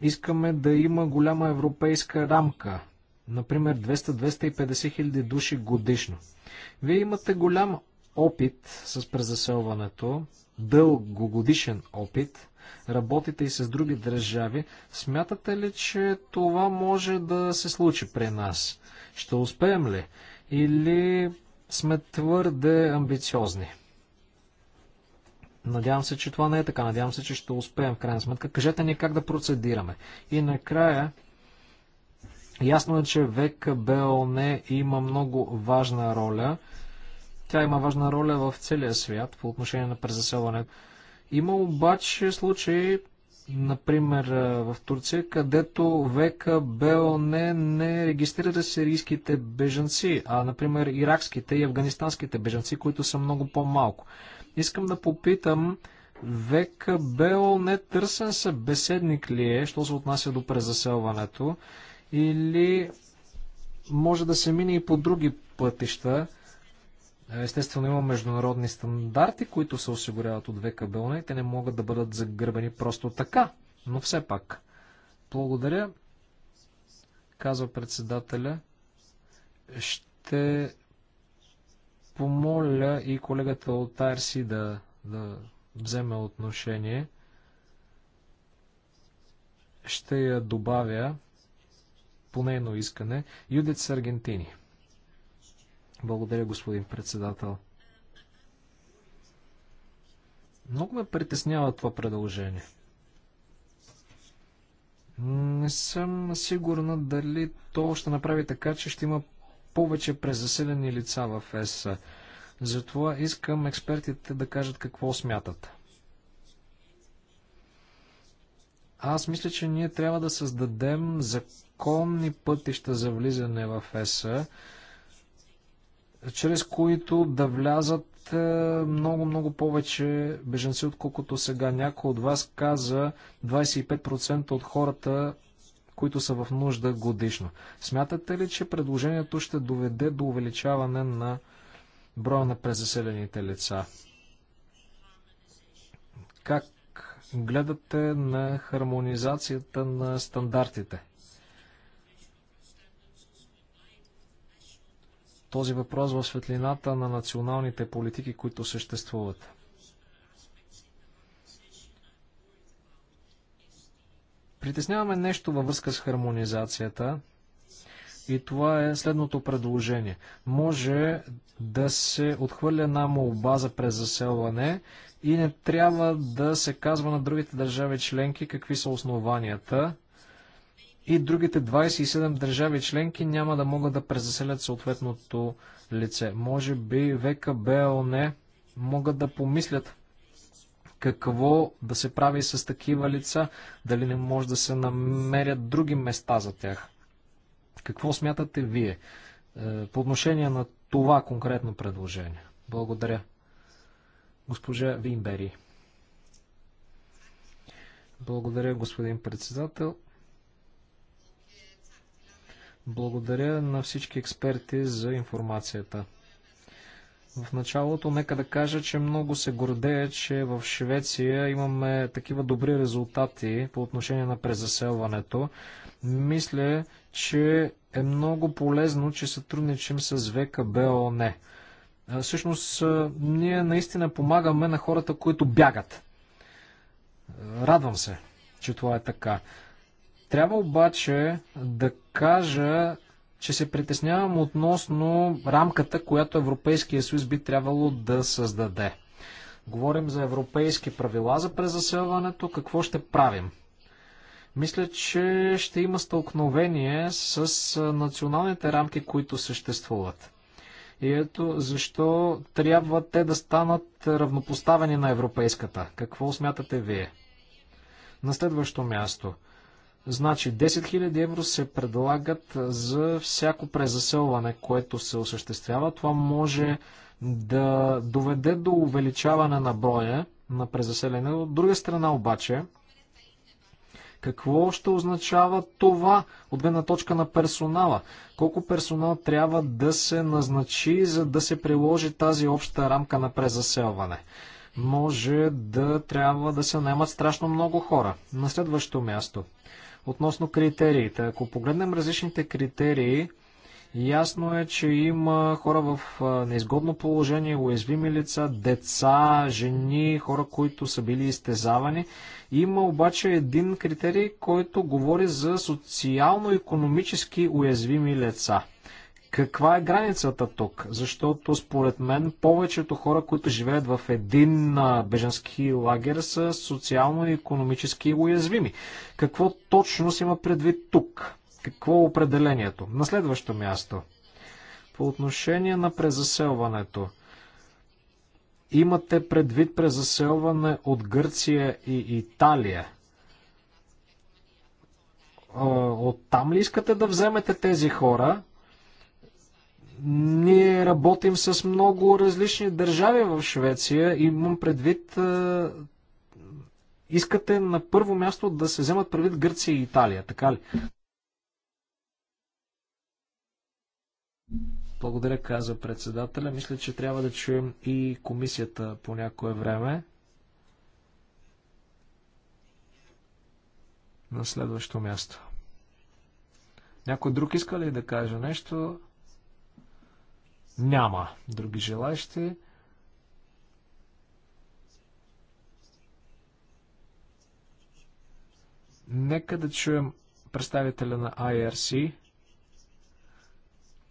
искаме да има голяма европейска рамка, например 200-250 хиляди души годишно. Вие имате голям опит с презаселването, дългогодишен опит, работите и с други държави, смятате ли, че това може да се случи при нас? Ще успеем ли? Или сме твърде амбициозни? Надявам се, че това не е така. Надявам се, че ще успеем в крайна сметка. Кажете ни как да процедираме. И накрая, ясно е, че ВКБОН има много важна роля – тя има важна роля в целия свят по отношение на презаселването. Има обаче случаи, например в Турция, където ВКБОН не регистрира сирийските бежанци, а например иракските и афганистанските бежанци, които са много по-малко. Искам да попитам, не търсен събеседник ли е, що се отнася до презаселването, или може да се мине и по други пътища, Естествено има международни стандарти, които се осигуряват от ВКБОН и те не могат да бъдат загърбени просто така. Но все пак. Благодаря, казва председателя. Ще помоля и колегата от АРС да, да вземе отношение. Ще я добавя по нейно искане. Юдец Аргентини. Благодаря, господин председател. Много ме притеснява това предложение. Не съм сигурна дали то ще направи така, че ще има повече презаселени лица в ЕС. Затова искам експертите да кажат какво смятат. Аз мисля, че ние трябва да създадем законни пътища за влизане в ЕС чрез които да влязат много-много е, повече беженци, отколкото сега. Някой от вас каза 25% от хората, които са в нужда годишно. Смятате ли, че предложението ще доведе до увеличаване на броя на презаселените лица? Как гледате на хармонизацията на стандартите? този въпрос в светлината на националните политики, които съществуват. Притесняваме нещо във връзка с хармонизацията и това е следното предложение. Може да се отхвърля една молба за презаселване и не трябва да се казва на другите държави членки какви са основанията и другите 27 държави членки няма да могат да презаселят съответното лице. Може би ВКБ, не могат да помислят какво да се прави с такива лица, дали не може да се намерят други места за тях. Какво смятате вие е, по отношение на това конкретно предложение? Благодаря. Госпожа Винбери. Благодаря, господин председател. Благодаря на всички експерти за информацията. В началото нека да кажа, че много се гордея, че в Швеция имаме такива добри резултати по отношение на презаселването. Мисля, че е много полезно, че сътрудничим с ВКБОН. Всъщност, ние наистина помагаме на хората, които бягат. Радвам се, че това е така. Трябва обаче да кажа, че се притеснявам относно рамката, която Европейския съюз би трябвало да създаде. Говорим за европейски правила за презаселването. Какво ще правим? Мисля, че ще има стълкновение с националните рамки, които съществуват. И ето защо трябва те да станат равнопоставени на европейската. Какво смятате вие? На следващо място – Значи 10 000 евро се предлагат за всяко презаселване, което се осъществява. Това може да доведе до увеличаване на броя на презаселене. От друга страна обаче, какво ще означава това от гледна точка на персонала? Колко персонал трябва да се назначи, за да се приложи тази обща рамка на презаселване? Може да трябва да се наемат страшно много хора. На следващо място. Относно критериите, ако погледнем различните критерии, ясно е, че има хора в неизгодно положение, уязвими лица, деца, жени, хора, които са били изтезавани. Има обаче един критерий, който говори за социално-економически уязвими лица. Каква е границата тук? Защото според мен повечето хора, които живеят в един беженски лагер, са социално и економически уязвими. Какво точно се има предвид тук? Какво е определението? На следващо място. По отношение на презаселването. Имате предвид презаселване от Гърция и Италия от там ли искате да вземете тези хора ние работим с много различни държави в Швеция. Имам предвид, искате на първо място да се вземат предвид Гърция и Италия, така ли? Благодаря, каза председателя. Мисля, че трябва да чуем и комисията по някое време. На следващо място. Някой друг иска ли да каже нещо? Няма други желаящи. Нека да чуем представителя на IRC.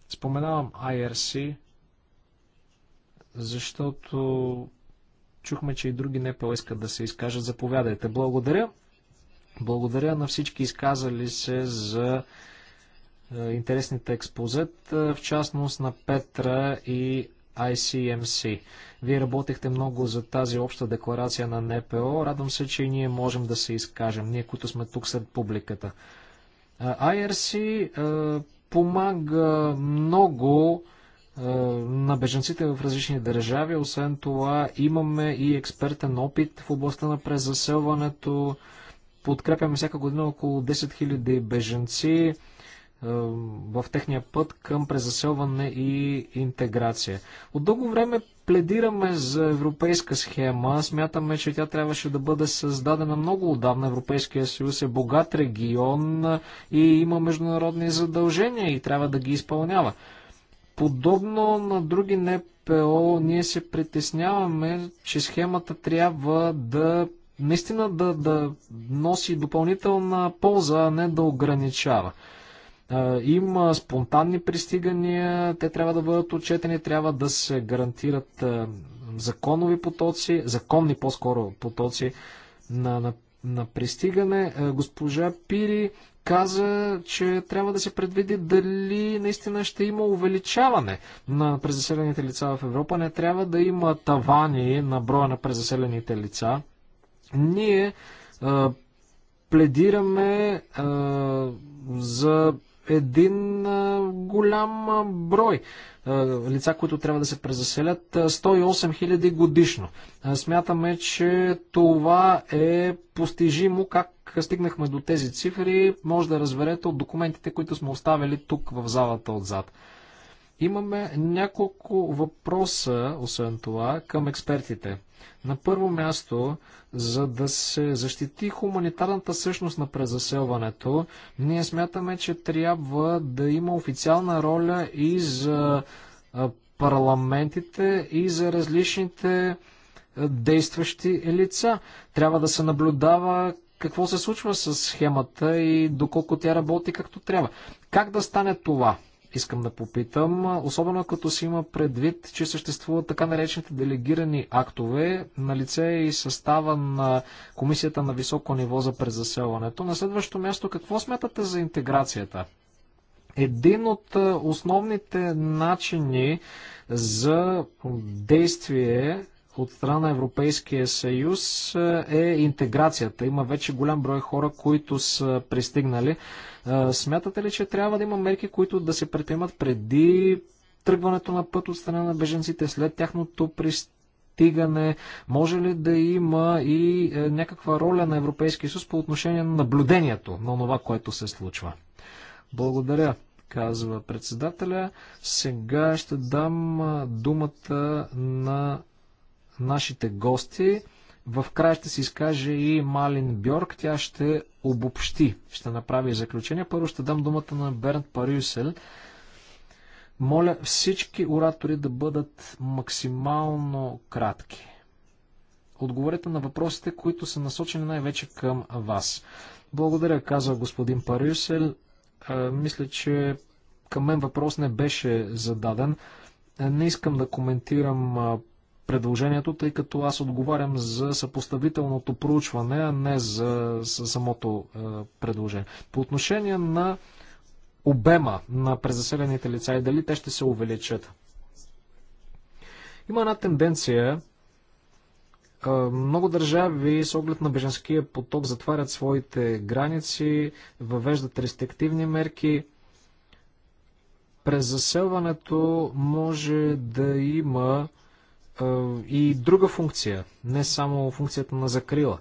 Споменавам IRC, защото чухме, че и други НПО искат да се изкажат. Заповядайте. Благодаря. Благодаря на всички изказали се за е, интересните експозет, е, в частност на Петра и ICMC. Вие работехте много за тази обща декларация на НПО. Радвам се, че и ние можем да се изкажем, ние, които сме тук сред публиката. Е, IRC е, помага много е, на беженците в различни държави. Освен това, имаме и експертен опит в областта на презаселването. Подкрепяме всяка година около 10 000 беженци е, в техния път към презаселване и интеграция. От дълго време пледираме за европейска схема. Смятаме, че тя трябваше да бъде създадена много отдавна. Европейския съюз е богат регион и има международни задължения и трябва да ги изпълнява. Подобно на други НПО, ние се притесняваме, че схемата трябва да наистина да, да носи допълнителна полза, а не да ограничава. Има спонтанни пристигания, те трябва да бъдат отчетени, трябва да се гарантират законови потоци, законни по-скоро потоци на, на, на пристигане. Госпожа Пири каза, че трябва да се предвиди дали наистина ще има увеличаване на презаселените лица в Европа. Не трябва да има тавани на броя на презаселените лица. Ние а, пледираме а, за един голям брой лица, които трябва да се презаселят, 108 хиляди годишно. Смятаме, че това е постижимо. Как стигнахме до тези цифри, може да разберете от документите, които сме оставили тук в залата отзад. Имаме няколко въпроса, освен това, към експертите. На първо място, за да се защити хуманитарната същност на презаселването, ние смятаме, че трябва да има официална роля и за парламентите, и за различните действащи лица. Трябва да се наблюдава какво се случва с схемата и доколко тя работи както трябва. Как да стане това? искам да попитам, особено като си има предвид, че съществуват така наречените делегирани актове на лице е и състава на Комисията на високо ниво за презаселването. На следващо място, какво смятате за интеграцията? Един от е, основните начини за действие от страна на Европейския съюз е интеграцията. Има вече голям брой хора, които са пристигнали. Е, смятате ли, че трябва да има мерки, които да се предприемат преди тръгването на път от страна на беженците, след тяхното пристигане? Може ли да има и е, някаква роля на Европейския съюз по отношение на наблюдението на това, което се случва? Благодаря казва председателя. Сега ще дам е, думата на нашите гости. В края ще се изкаже и Малин Бьорк. Тя ще обобщи, ще направи заключение. Първо ще дам думата на Бернт Парюсел. Моля всички оратори да бъдат максимално кратки. Отговорете на въпросите, които са насочени най-вече към вас. Благодаря, казва господин Парюсел. Мисля, че към мен въпрос не беше зададен. Не искам да коментирам предложението, тъй като аз отговарям за съпоставителното проучване, а не за, самото е, предложение. По отношение на обема на презаселените лица и дали те ще се увеличат. Има една тенденция. Е, много държави с оглед на беженския поток затварят своите граници, въвеждат рестриктивни мерки. През заселването може да има и друга функция, не само функцията на закрила.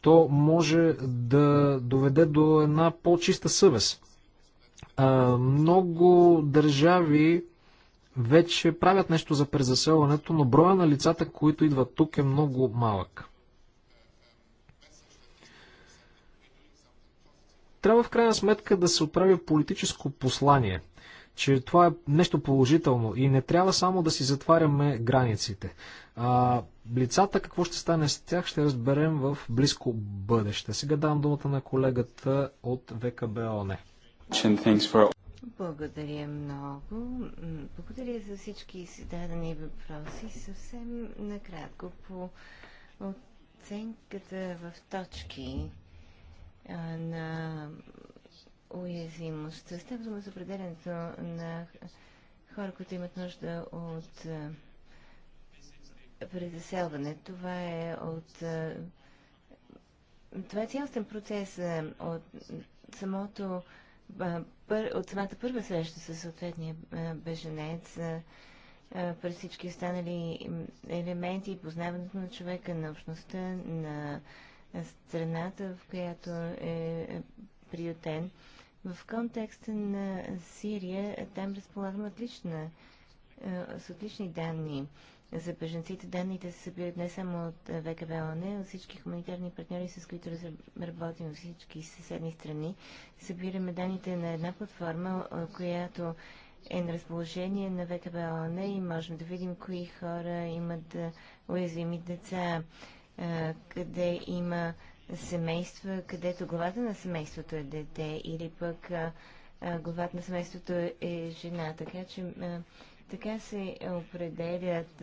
То може да доведе до една по-чиста съвест. Много държави вече правят нещо за презаселването, но броя на лицата, които идват тук е много малък. Трябва в крайна сметка да се отправи политическо послание – че това е нещо положително и не трябва само да си затваряме границите. А, лицата, какво ще стане с тях, ще разберем в близко бъдеще. Сега давам думата на колегата от ВКБОН. Благодаря много. Благодаря за всички дадени въпроси. Съвсем накратко по оценката в точки на уязвимост. Става дума за определенето на хора, които имат нужда от презаселване. Това е от... Това е цялостен процес от самото от самата първа среща с съответния беженец през всички останали елементи познаването на човека, на общността, на страната, в която е, е приютен. В контекста на Сирия, там разполагаме отлична, е, с отлични данни за беженците. Данните се събират не само от е, ВКБ не от всички хуманитарни партньори, с които работим всички съседни страни. Събираме данните на една платформа, е, която е на разположение на ВКБ ОНЕ и можем да видим кои хора имат уязвими деца, къде има семейства, където главата на семейството е дете или пък главата на семейството е жена. Така че така се определят.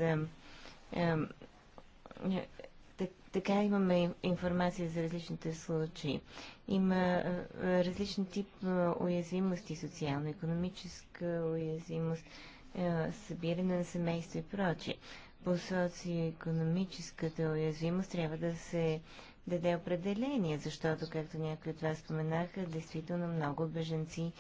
така имаме информация за различните случаи. Има различен тип уязвимости, социално-економическа уязвимост, събиране на семейство и прочие. По социо-економическата уязвимост трябва да се даде определение, защото, както някои от вас споменаха, действително много беженци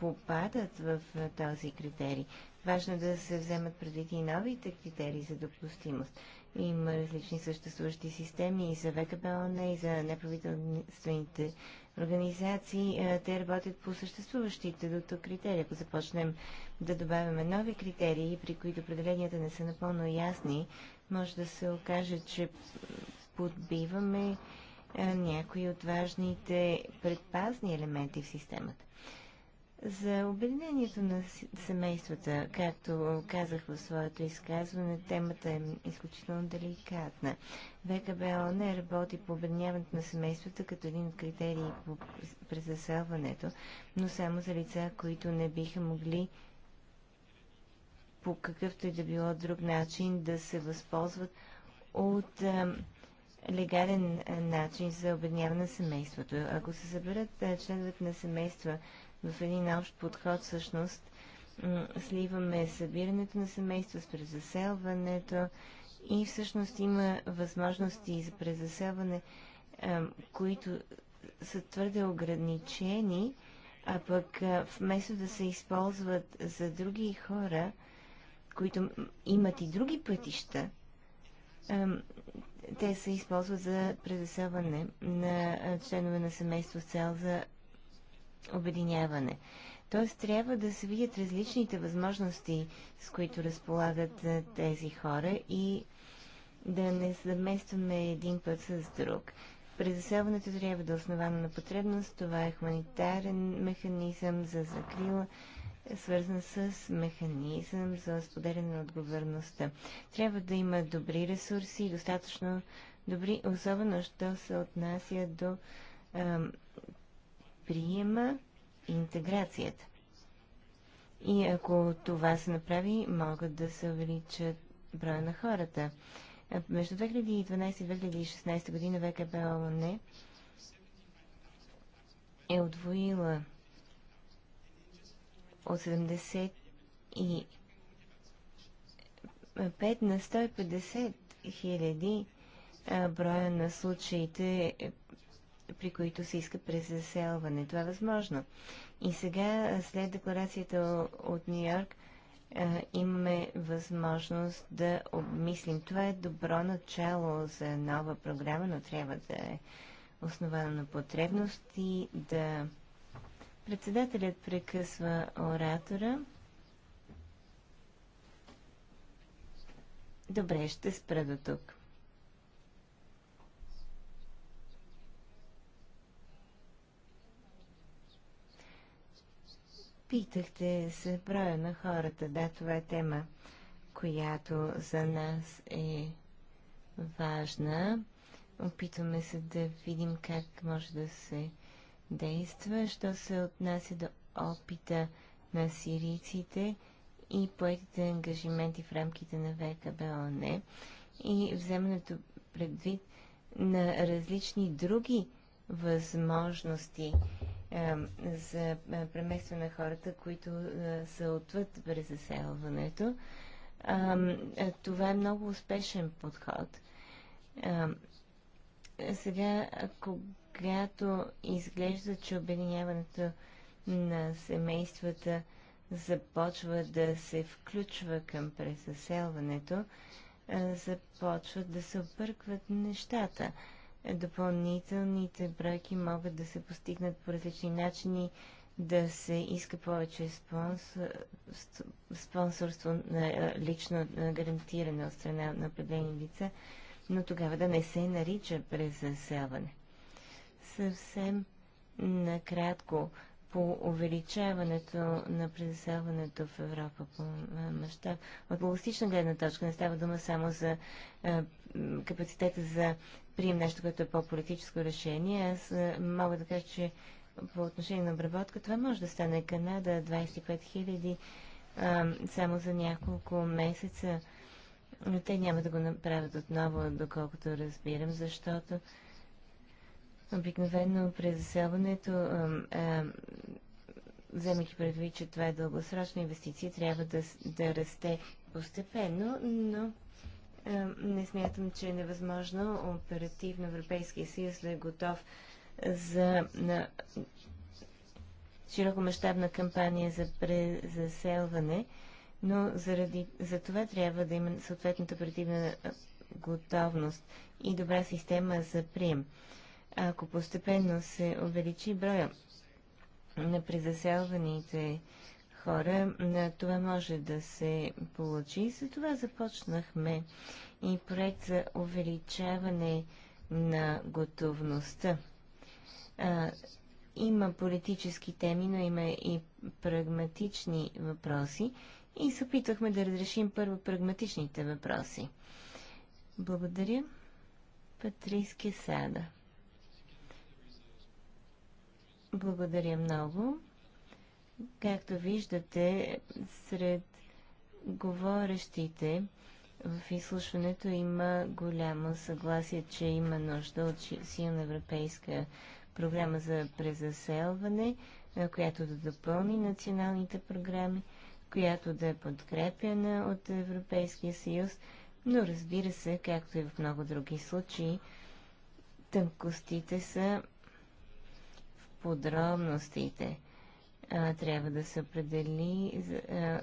попадат в този критерий. Важно е да се вземат предвид и новите критерии за допустимост. Има различни съществуващи системи и за ВКБОН, и за неправителствените организации. Те работят по съществуващите до тук критерии. Ако започнем да добавяме нови критерии, при които определенията не са напълно ясни, може да се окаже, че подбиваме някои от важните предпазни елементи в системата. За обединението на семействата, както казах в своето изказване, темата е изключително деликатна. ВКБО не работи по обединяването на семействата като един от критерии по, презаселването, но само за лица, които не биха могли по какъвто и да било друг начин да се възползват от а, легален начин за обедняване на семейството. Ако се съберат членовете на семейства в един общ подход, всъщност сливаме събирането на семейство с презаселването и всъщност има възможности за презаселване, които са твърде ограничени, а пък вместо да се използват за други хора, които имат и други пътища, те се използват за предасяване на членове на семейство с цел за обединяване. Тоест трябва да се видят различните възможности, с които разполагат тези хора и да не съвместваме един път с друг. Презаселването трябва да е основано на потребност. Това е хуманитарен механизъм за закрила е свързан с механизъм за споделяне на отговорността. Трябва да има добри ресурси достатъчно добри, особено що се отнася до а, приема и интеграцията. И ако това се направи, могат да се увеличат броя на хората. Между 2012 и 2016 година ВКБ ООН е удвоила 80 и 5 на 150 хиляди броя на случаите, при които се иска презаселване. Това е възможно. И сега, след декларацията от Нью Йорк, имаме възможност да обмислим. Това е добро начало за нова програма, но трябва да е основана на потребности, да Председателят прекъсва оратора. Добре, ще спра до тук. Питахте се броя на хората. Да, това е тема, която за нас е важна. Опитваме се да видим как може да се действа, що се отнася до опита на сирийците и поетите ангажименти в рамките на ВКБОН и вземането предвид на различни други възможности е, за преместване на хората, които е, са отвъд през заселването. Е, това е много успешен подход сега, когато изглежда, че обединяването на семействата започва да се включва към презаселването, започват да се объркват нещата. Допълнителните браки могат да се постигнат по различни начини, да се иска повече спонсор, спонсорство, лично гарантиране от страна на определени лица но тогава да не се нарича презаселване. Съвсем накратко по увеличаването на презаселването в Европа по мащаб. От логистична гледна точка не става дума само за е, капацитета за прием, нещо, което е по-политическо решение. Аз е, мога да кажа, че по отношение на обработка това може да стане Канада 25 000 е, само за няколко месеца но те няма да го направят отново, доколкото разбирам, защото обикновено при заселването, вземайки предвид, че това е дългосрочна инвестиция, трябва да, да расте постепенно, но а, не смятам, че е невъзможно оперативно Европейския съюз да е готов за на, широкомащабна кампания за презаселване но заради, за това трябва да има съответната оперативна готовност и добра система за прием. Ако постепенно се увеличи броя на презаселваните хора, това може да се получи. За това започнахме и проект за увеличаване на готовността. А, има политически теми, но има и прагматични въпроси и се опитвахме да разрешим първо прагматичните въпроси. Благодаря. Патриски Сада. Благодаря много. Както виждате, сред говорещите в изслушването има голямо съгласие, че има нужда от силна европейска програма за презаселване, която да допълни националните програми – която да е подкрепяна от Европейския съюз, но разбира се, както и в много други случаи, тънкостите са в подробностите. А, трябва да се, определи, а,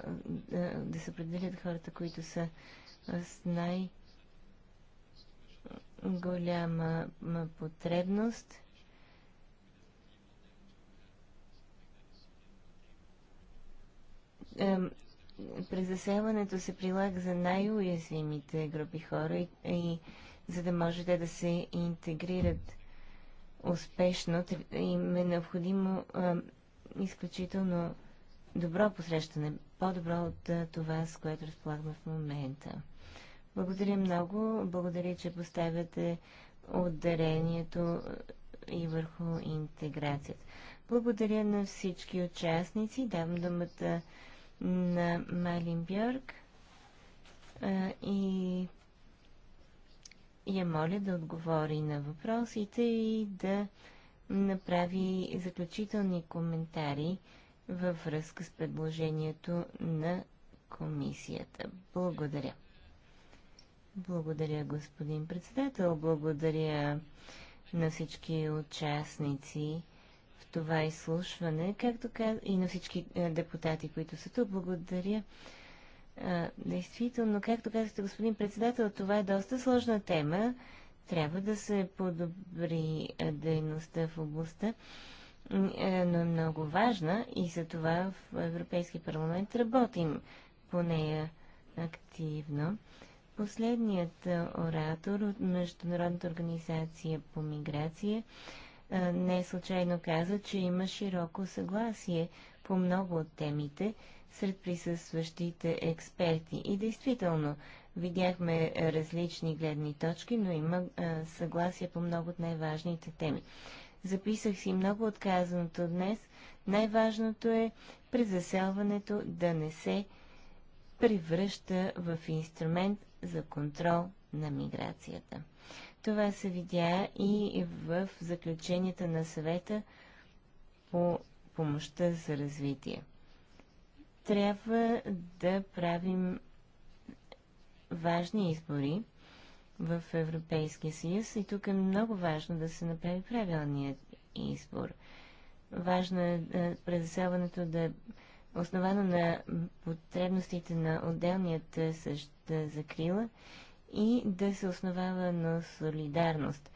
да се определят хората, които са с най- голяма потребност – презаселването се прилага за най-уязвимите групи хора и, и за да може те да се интегрират успешно, им е необходимо а, изключително добро посрещане, по-добро от а, е, това, с което разполагаме в момента. Благодаря много, благодаря, че поставяте отдарението е, и върху интеграцията. Благодаря на всички участници, давам думата на Мелин Бьорк и я моля да отговори на въпросите и да направи заключителни коментари във връзка с предложението на комисията. Благодаря. Благодаря, господин председател. Благодаря на всички участници това изслушване, както каз... и на всички е, депутати, които са тук. Благодаря. А, действително, както казахте, господин председател, това е доста сложна тема. Трябва да се подобри е, дейността в областта, е, но е много важна и за това в Европейски парламент работим по нея активно. Последният оратор от Международната организация по миграция е, не случайно каза, че има широко съгласие по много от темите сред присъстващите експерти. И действително, видяхме различни гледни точки, но има е, съгласие по много от най-важните теми. Записах си много казаното днес. Най-важното е презаселването да не се превръща в инструмент за контрол на миграцията. Това се видя и в заключенията на съвета по помощта за развитие. Трябва да правим важни избори в Европейския съюз и тук е много важно да се направи правилният избор. Важно е, е презаселването да е основано на потребностите на отделният е, същ е, закрила и да се основава на солидарност.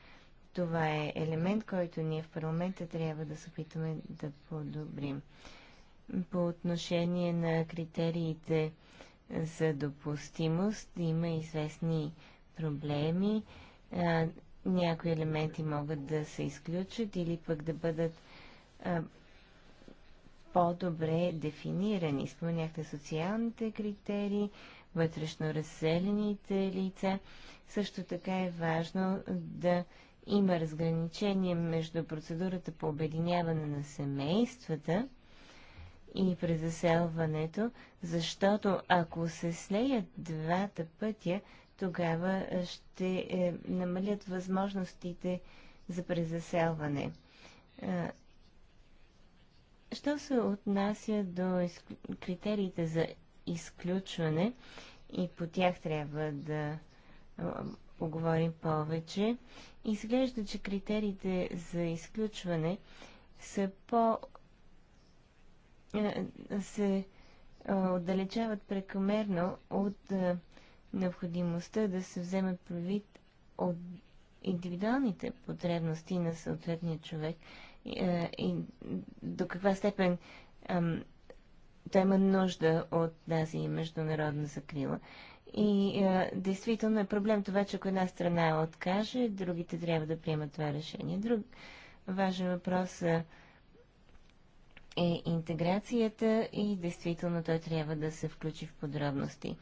Това е елемент, който ние в парламента трябва да се опитаме да подобрим. По отношение на критериите за допустимост има известни проблеми. някои елементи могат да се изключат или пък да бъдат по-добре дефинирани. Спомняхте социалните критерии, вътрешно разселените лица. Също така е важно да има разграничение между процедурата по обединяване на семействата и презаселването, защото ако се слеят двата пътя, тогава е, ще е, намалят възможностите за презаселване. Що се отнася до критериите за изключване и по тях трябва да поговорим повече. Изглежда, че критериите за изключване са по... се отдалечават прекомерно от необходимостта да се вземе предвид от индивидуалните потребности на съответния човек и, и до каква степен той има нужда от тази международна закрила. И е, действително е проблем това, че ако една страна откаже, другите трябва да приемат това решение. Друг важен въпрос е, е интеграцията и действително той трябва да се включи в подробности.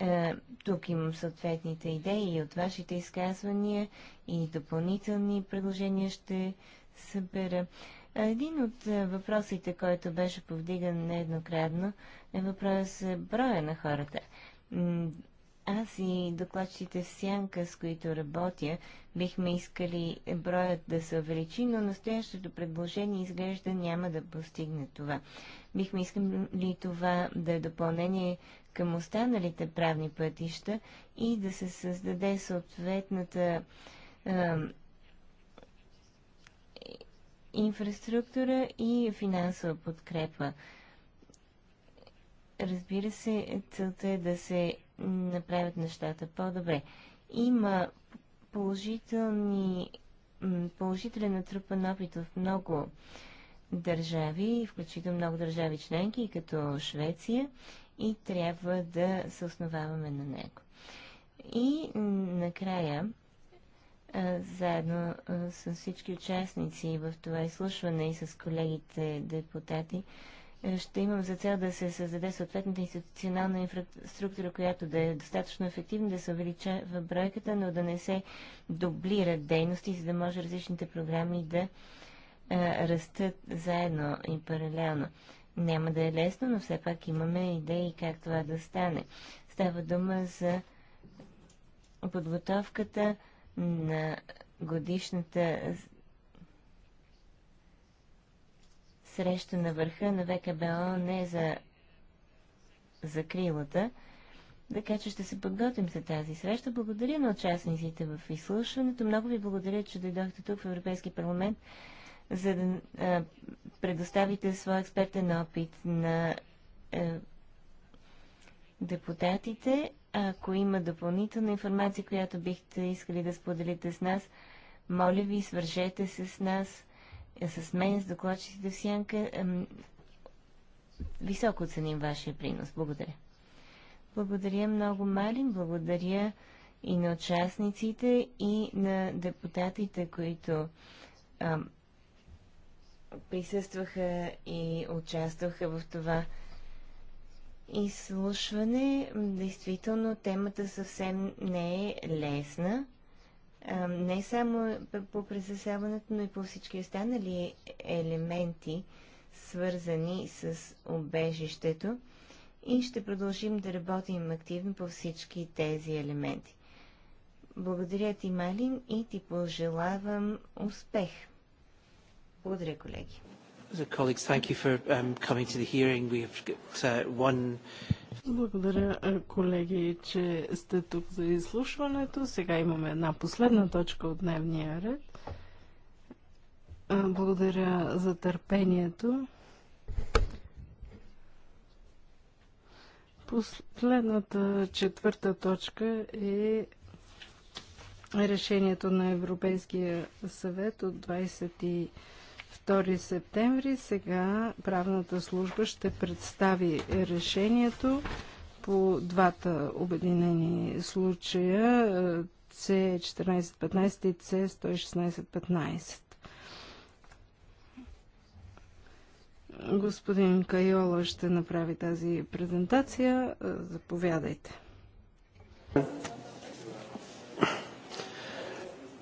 Е, тук имам съответните идеи и от вашите изказвания и допълнителни предложения ще събера. Един от е, въпросите, който беше повдиган нееднократно, е въпрос е, броя на хората. Аз и докладчите в Сянка, с които работя, бихме искали е, броят да се увеличи, но настоящото предложение изглежда няма да постигне това. Бихме искали това да е допълнение към останалите правни пътища и да се създаде съответната инфраструктура и финансова подкрепа. Разбира се, целта е да се направят нещата по-добре. Има положителни, положителен натрупан опит в много държави, включително много държави членки, като Швеция, и трябва да се основаваме на него. И накрая, заедно с всички участници в това изслушване и с колегите депутати, ще имам за цел да се създаде съответната институционална инфраструктура, която да е достатъчно ефективна, да се увеличава бройката, но да не се дублират дейности, за да може различните програми да а, растат заедно и паралелно. Няма да е лесно, но все пак имаме идеи как това да стане. Става дума за подготовката, на годишната среща на върха на ВКБО не за закрилата, така че ще се подготвим за тази среща. Благодаря на участниците в изслушването. Много ви благодаря, че дойдохте тук в Европейски парламент, за да а, предоставите своя експертен опит на а, е, депутатите. Ако има допълнителна информация, която бихте искали да споделите с нас, моля ви, свържете се с нас, е, с мен, с докладчиците в Сянка. Високо ценим вашия принос. Благодаря. Благодаря много, Малин. Благодаря и на участниците, и на депутатите, които а, присъстваха и участваха в това изслушване. Действително темата съвсем не е лесна. Не само по презасяването, но и по всички останали елементи, свързани с обежището. И ще продължим да работим активно по всички тези елементи. Благодаря ти, Малин, и ти пожелавам успех. Благодаря, колеги. Colleagues, thank you for um, coming to the hearing. We have got uh, one благодаря, е, колеги, че сте тук за изслушването. Сега имаме една последна точка от дневния ред. Е, благодаря за търпението. Последната четвърта точка е решението на Европейския съвет от 23 2 септември. Сега правната служба ще представи решението по двата обединени случая C1415 и C11615. Господин Кайола ще направи тази презентация. Заповядайте.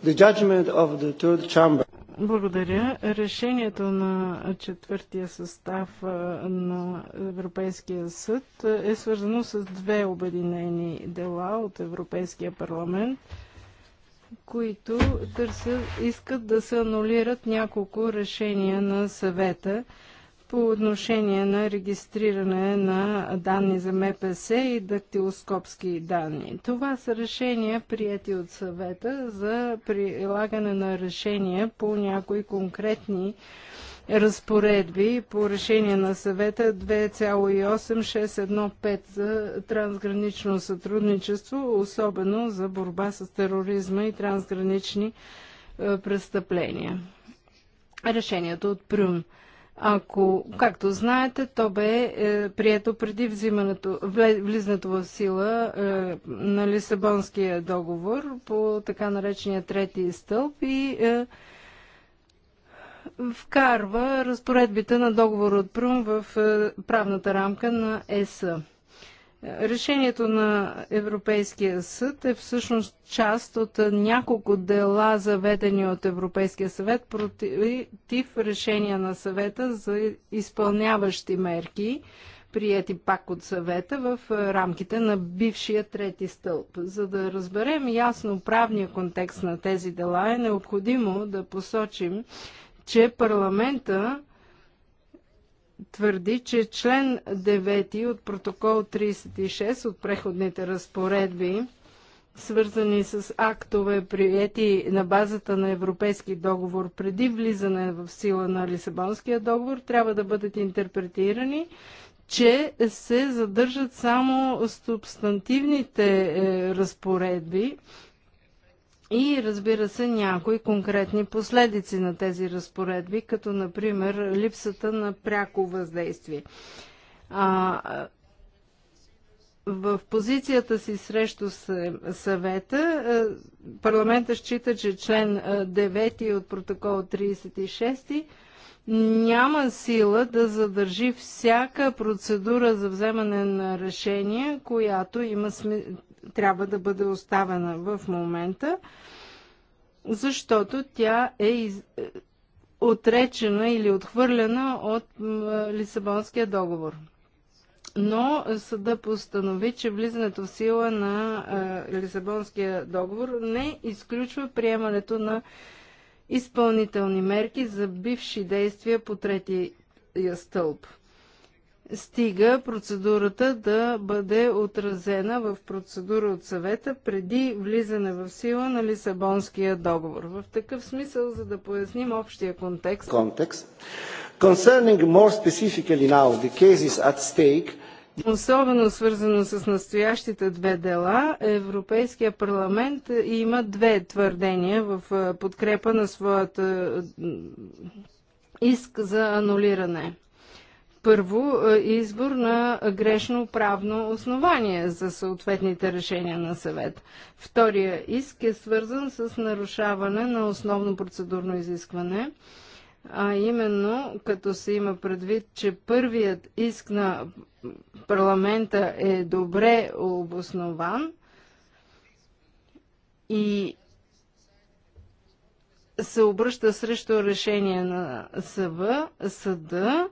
The judgment of the third chamber благодаря. Решението на четвъртия състав на Европейския съд е свързано с две обединени дела от Европейския парламент, които търсят, искат да се анулират няколко решения на съвета по отношение на регистриране на данни за МПС и дактилоскопски данни. Това са решения, прияти от съвета за прилагане на решения по някои конкретни разпоредби по решение на съвета 2,8615 за трансгранично сътрудничество, особено за борба с тероризма и трансгранични престъпления. Решението от Прюн. Ако, както знаете, то бе е, прието преди взимането, влизането в сила е, на Лисабонския договор по така наречения трети стълб и е, вкарва разпоредбите на договор от Прум в е, правната рамка на ЕСА. Решението на Европейския съд е всъщност част от няколко дела, заведени от Европейския съвет против решения на съвета за изпълняващи мерки, прияти пак от съвета в рамките на бившия трети стълб. За да разберем ясно правния контекст на тези дела е необходимо да посочим, че парламента твърди, че член 9 от протокол 36 от преходните разпоредби, свързани с актове, приети на базата на европейски договор преди влизане в сила на Лисабонския договор, трябва да бъдат интерпретирани, че се задържат само субстантивните е, разпоредби, и разбира се някои конкретни последици на тези разпоредби, като например липсата на пряко въздействие. А, в позицията си срещу съвета парламента счита, че член 9 от протокол 36 няма сила да задържи всяка процедура за вземане на решение, която има трябва да бъде оставена в момента, защото тя е из... отречена или отхвърлена от Лисабонския договор. Но съда постанови, че влизането в сила на Лисабонския договор не изключва приемането на изпълнителни мерки за бивши действия по третия стълб стига процедурата да бъде отразена в процедура от съвета преди влизане в сила на Лисабонския договор. В такъв смисъл, за да поясним общия контекст. Контекст. Concerning more specifically now the cases at stake, Особено свързано с настоящите две дела, Европейския парламент има две твърдения в подкрепа на своята иск за анулиране първо е, избор на грешно правно основание за съответните решения на съвет. Втория иск е свързан с нарушаване на основно процедурно изискване, а именно като се има предвид, че първият иск на парламента е добре обоснован и се обръща срещу решение на съва, съда,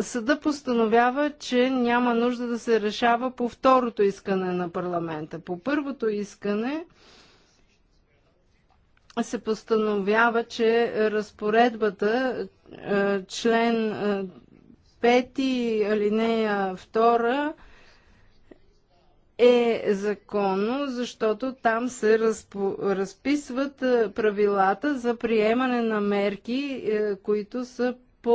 съда постановява, че няма нужда да се решава по второто искане на парламента. По първото искане се постановява, че разпоредбата член 5 алинея 2 е законно, защото там се разпо, разписват правилата за приемане на мерки, които са по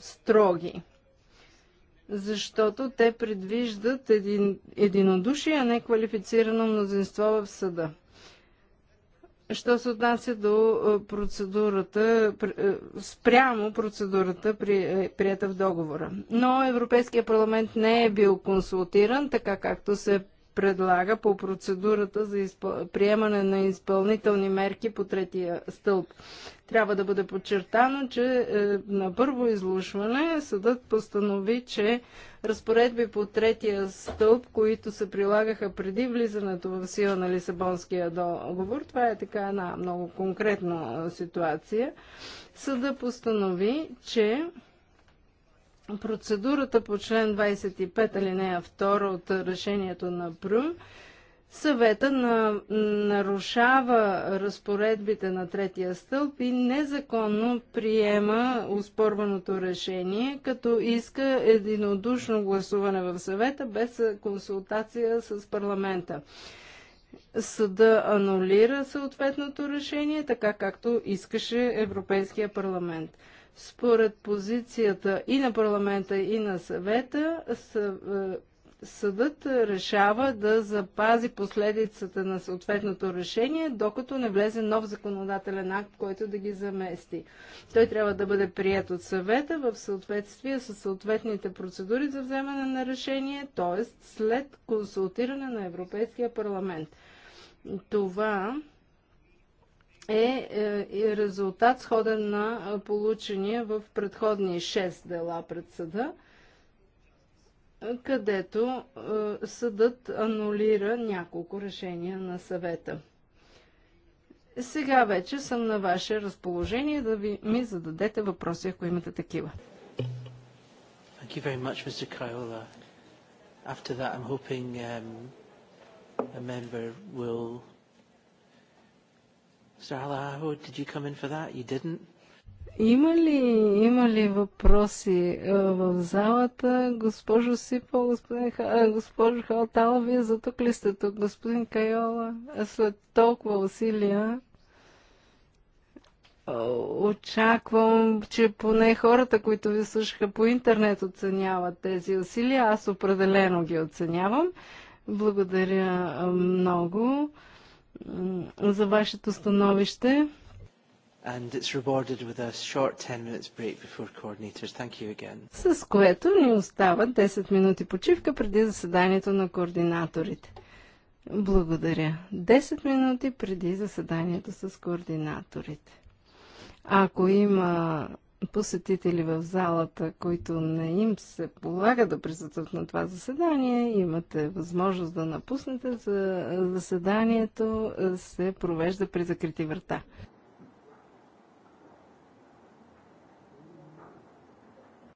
строги. Защото те предвиждат един, единодушие, а не квалифицирано мнозинство в съда. Що се отнася до е, процедурата, е, спрямо процедурата, при, е, прията в договора. Но Европейския парламент не е бил консултиран, така както се предлага по процедурата за изпъл... приемане на изпълнителни мерки по третия стълб. Трябва да бъде подчертано, че е, на първо изслушване съдът постанови, че разпоредби по третия стълб, които се прилагаха преди влизането в сила на Лисабонския договор, това е така една много конкретна е, ситуация, съда постанови, че Процедурата по член 25 алинея 2 от решението на Прум, съвета на, нарушава разпоредбите на третия стълб и незаконно приема успорваното решение, като иска единодушно гласуване в съвета без консултация с парламента. Съда анулира съответното решение, така както искаше Европейския парламент. Според позицията и на парламента, и на съвета, е, съдът решава да запази последицата на съответното решение, докато не влезе нов законодателен акт, който да ги замести. Той трябва да бъде прият от съвета в съответствие с съответните процедури за вземане на решение, т.е. след консултиране на Европейския парламент. Това е, е, е, резултат сходен на получения в предходни 6 дела пред съда, където е, съдът анулира няколко решения на съвета. Сега вече съм на ваше разположение да ви ми зададете въпроси, ако имате такива. Thank you very much, Mr. Uh, after that, I'm hoping um, a member will did you come in for that? You didn't. Има ли, има ли въпроси е, в залата? Госпожо Сипо, господин, е, госпожо Халтала, вие за тук ли сте тук? Господин Кайола, е, след толкова усилия очаквам, че поне хората, които ви слушаха по интернет, оценяват тези усилия. Аз определено ги оценявам. Благодаря много за вашето становище. And it's rewarded with a short 10 minutes break before coordinators. Thank you again. С което ни остава 10 минути почивка преди заседанието на координаторите. Благодаря. 10 минути преди заседанието с координаторите. Ако има посетители в залата, които не им се полага да присъстват на това заседание, имате възможност да напуснете. За заседанието се провежда при закрити врата.